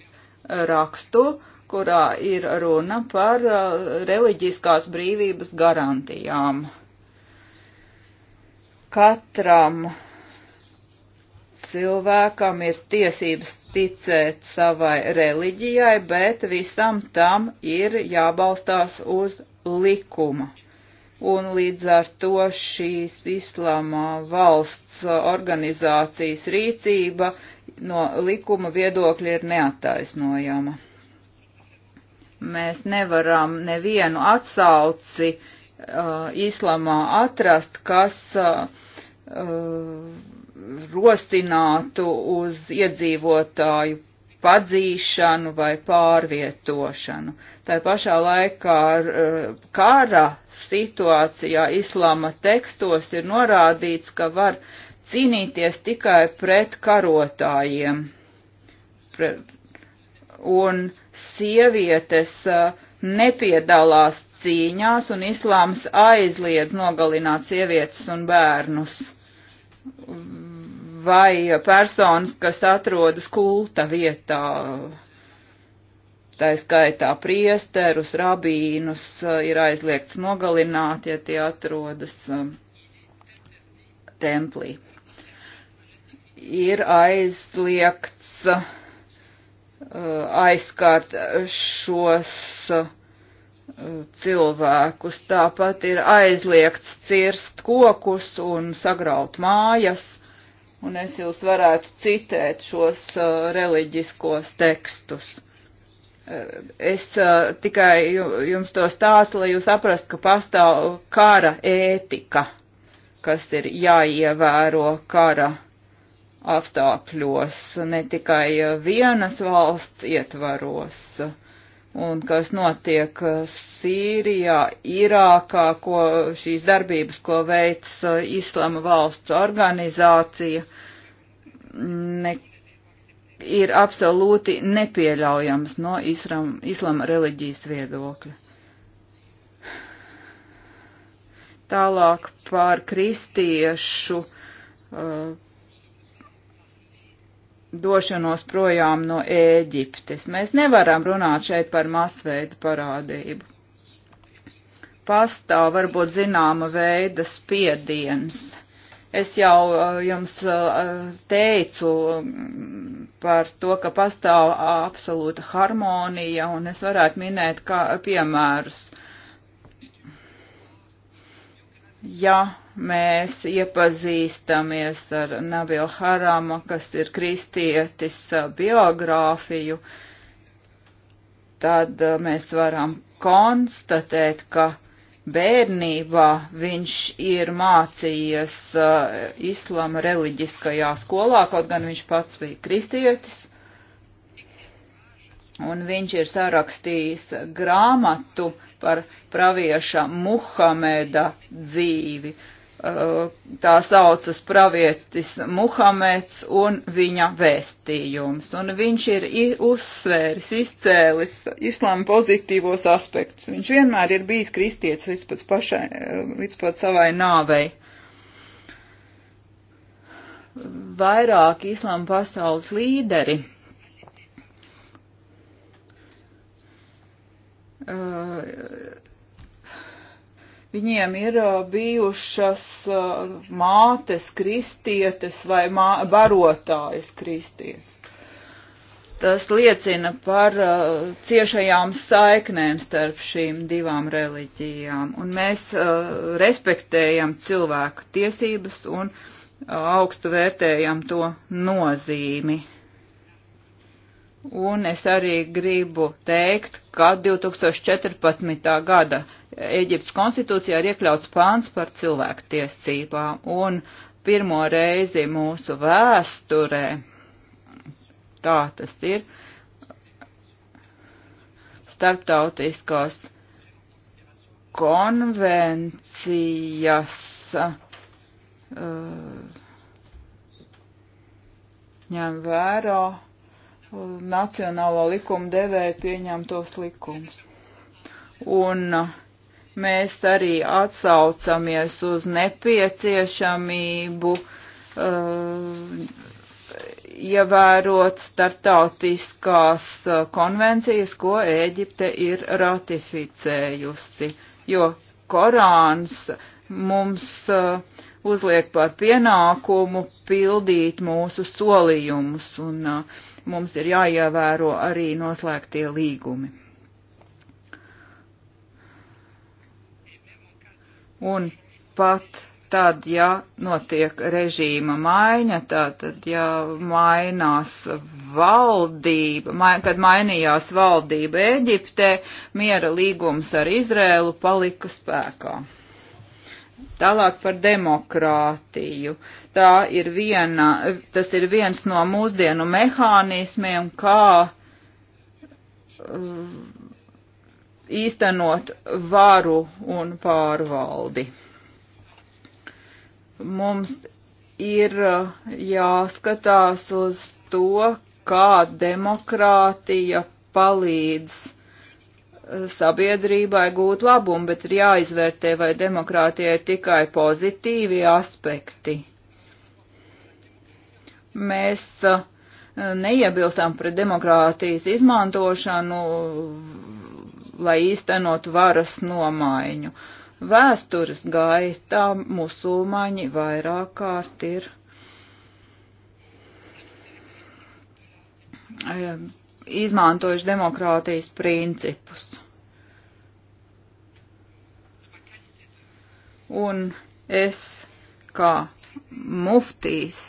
rakstu, kurā ir runa par uh, reliģiskās brīvības garantijām. Katram cilvēkam ir tiesības ticēt savai reliģijai, bet visam tam ir jābalstās uz likuma un līdz ar to šīs islāma valsts organizācijas rīcība no likuma viedokļa ir neattaisnojama. Mēs nevaram nevienu atsauci uh, islamā atrast, kas uh, uh, rosinātu uz iedzīvotāju padzīšanu vai pārvietošanu. Tā pašā laikā eh, kara situācijā islāma tekstos ir norādīts, ka var cīnīties tikai pret karotājiem. Un sievietes eh, nepiedalās cīņās, un islāms aizliedz nogalināt sievietes un bērnus vai personas, kas atrodas kulta vietā, tā skaitā priesterus, rabīnus, eh, ir aizliegts nogalināt, ja tie atrodas eh, templī. Ir aizliegts eh, aizskārt šos cilvēkus. Tāpat ir aizliegts cirst kokus un sagraut mājas un es jūs varētu citēt šos uh, reliģiskos tekstus. Uh, es uh, tikai jums to stāstu, lai jūs saprastu, ka pastāv kara ētika, kas ir jāievēro kara apstākļos, ne tikai uh, vienas valsts ietvaros. Uh, un kas notiek uh, Sīrijā, Irākā, ko šīs darbības, ko veic uh, Islama valsts organizācija, ne, ir absolūti nepieļaujams no islam, islama reliģijas viedokļa. Tālāk par kristiešu uh, došanos projām no Ēģiptes. Mēs nevaram runāt šeit par masveidu parādību. Pastāv varbūt zināma veida spiediens. Es jau uh, jums uh, teicu mm, par to, ka pastāv absolūta harmonija, un es varētu minēt kā piemērus. Ja mēs iepazīstamies ar Nabila Harama, kas ir kristietis uh, biogrāfiju, tad uh, mēs varam konstatēt, ka bērnībā viņš ir mācījies uh, islama reliģiskajā skolā, kaut gan viņš pats bija kristietis. Un viņš ir sarakstījis grāmatu par pravieša Muhameda dzīvi. Uh, Eh, tā saucas pravietis Muhameds un viņa vēstījums. Un viņš ir uzsvēris, izcēlis islāma pozitīvos aspektus. Viņš vienmēr ir bijis kristietis līdz pat, pašai, eh, līdz pat savai nāvei. Vairāk islāma pasaules līderi uh, Viņiem ir bijušas mātes kristietes vai mā, barotājas kristietes. Tas liecina par uh, ciešajām saiknēm starp šīm divām reliģijām, un mēs uh, respektējam cilvēku tiesības un uh, augstu vērtējam to nozīmi. Un es arī gribu teikt, ka 2014. gada Eģiptes konstitūcijā ir iekļauts pāns par cilvēktiesībām, un pirmo reizi mūsu vēsturē tā tas ir starptautiskās konvencijas uh, ņem vērā uh, nacionālo likumu devēju pieņemtos likumus. Un uh, Mēs arī atsaucamies uz nepieciešamību uh, ievērot startautiskās uh, konvencijas, ko Ēģipte ir ratificējusi, jo Korāns mums uh, uzliek par pienākumu pildīt mūsu solījumus, un uh, mums ir jāievēro arī noslēgtie līgumi. Un pat tad, ja notiek režīma maiņa, tātad, ja mainās valdība, mai, kad mainījās valdība Eģiptē, miera līgums ar Izrēlu palika spēkā. Tālāk par demokrātiju. Tā ir viena, tas ir viens no mūsdienu mehānismiem, kā uh, īstenot varu un pārvaldi. Mums ir uh, jāskatās uz to, kā demokrātija palīdz uh, sabiedrībai gūt labumu, bet ir jāizvērtē, vai demokrātija ir tikai pozitīvi aspekti. Mēs uh, neiebilstam pret demokrātijas izmantošanu lai īstenotu varas nomaiņu. Vēstures gaitā musulmaņi vairāk kārt ir izmantojuši demokrātijas principus. Un es kā muftīs,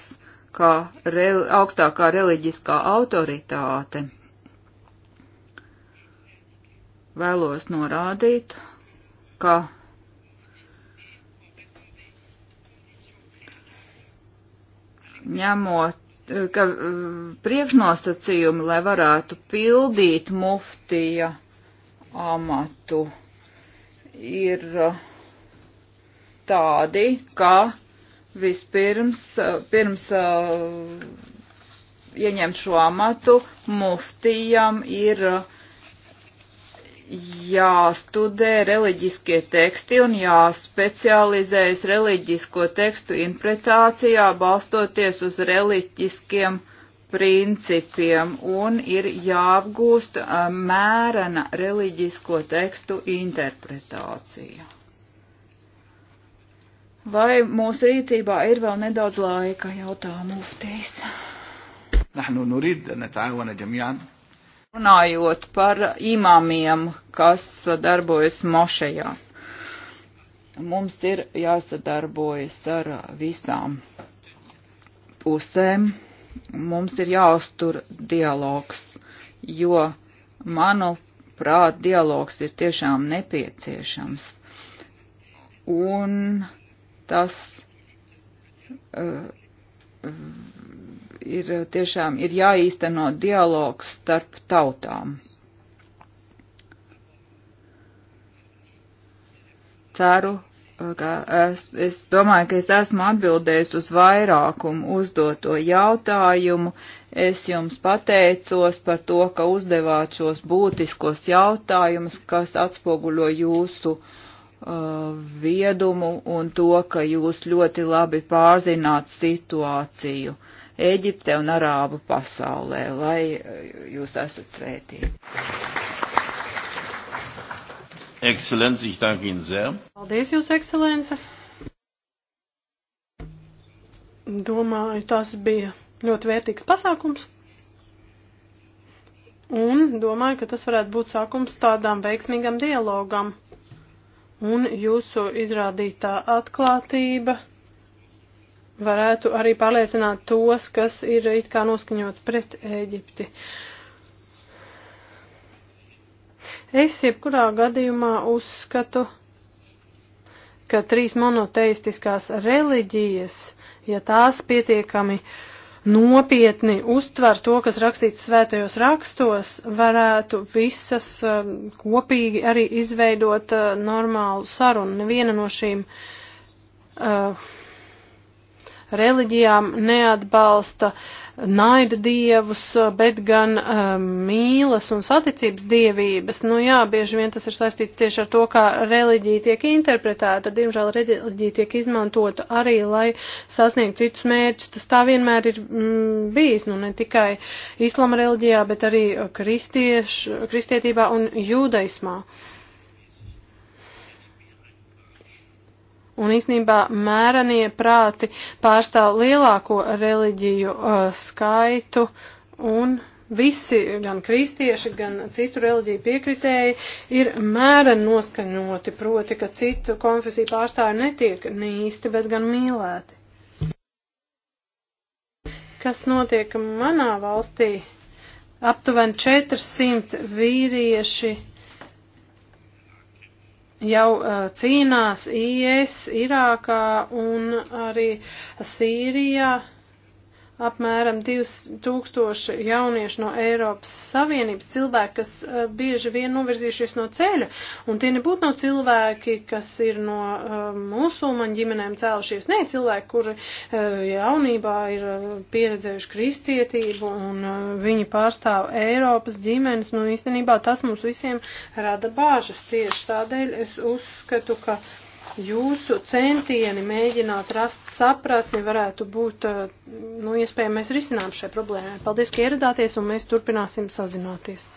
kā re, augstākā reliģiskā autoritāte vēlos norādīt, ka ņemot ka uh, priekšnosacījumi, lai varētu pildīt muftija amatu, ir uh, tādi, ka vispirms, uh, pirms uh, ieņemt šo amatu, muftijam ir uh, jāstudē reliģiskie teksti un jāspecializējas reliģisko tekstu interpretācijā, balstoties uz reliģiskiem principiem, un ir jāapgūst eh, mērena reliģisko tekstu interpretācija. Vai mūsu rīcībā ir vēl nedaudz laika, jautā muftīs? نحن نريد أن نتعاون جميعا runājot par imāmiem, kas darbojas mošajās. Mums ir jāsadarbojas ar visām pusēm, mums ir jāuztur dialogs, jo, manuprāt, dialogs ir tiešām nepieciešams. Un tas uh, ir eh, tiešām ir jāīsteno dialogs starp tautām. Ceru, eh, ka es, es domāju, ka es esmu atbildējis uz vairākumu uzdoto jautājumu. Es jums pateicos par to, ka uzdevāt šos būtiskos jautājumus, kas atspoguļo jūsu uh, viedumu un to, ka jūs ļoti labi pārzināt situāciju. Uh, Eģipte un Arābu pasaulē, lai eh, jūs esat svētīti. Ekscelence, ich danke Ihnen sehr. Paldies, Jūsu ekscelence. Domāju, tas bija ļoti vērtīgs pasākums. Un domāju, ka tas varētu būt sākums tādām veiksmīgam dialogam. Un jūsu izrādītā atklātība varētu arī pārliecināt tos, kas ir it kā noskaņot pret Ēģipti. Es jebkurā gadījumā uzskatu, ka trīs monoteistiskās reliģijas, ja tās pietiekami nopietni uztver to, kas rakstīts svētajos rakstos, varētu visas um, kopīgi arī izveidot uh, normālu sarunu. Neviena no šīm uh, reliģijām neatbalsta naida dievus, bet gan um, mīlas un saticības dievības. Nu jā, bieži vien tas ir saistīts tieši ar to, kā reliģija tiek interpretēta. Diemžēl reliģija tiek izmantota arī, lai sasniegtu citus mērķus. Tas tā vienmēr ir mm, bijis, nu ne tikai islama reliģijā, bet arī kristiešu, kristietībā un jūdaismā. Uh, Un īsnībā mērenie prāti pārstāv lielāko reliģiju uh, skaitu un visi, gan kristieši, gan citu reliģiju piekritēji, ir mēra noskaņoti, proti, ka citu konfesiju pārstāvi netiek nīsti, bet gan mīlēti. Kas notiek manā valstī? Aptuveni 400 vīrieši jau uh, cīnās IS Irākā un arī Sīrijā. Uh, apmēram 2000 jauniešu no Eiropas Savienības cilvēki, kas uh, bieži vien novirzījušies no ceļa, un tie nebūtu no cilvēki, kas ir no uh, musulmaņu ģimenēm cēlušies, nē, cilvēki, kuri uh, jaunībā ir uh, pieredzējuši kristietību, un uh, viņi pārstāv Eiropas ģimenes, nu īstenībā tas mums visiem rada bāžas tieši tādēļ es uzskatu, ka. Uh, jūsu centieni mēģināt rast sapratni varētu būt, eh, nu, iespējami mēs risinām šai problēmai. Paldies, ka ieradāties, un mēs turpināsim sazināties.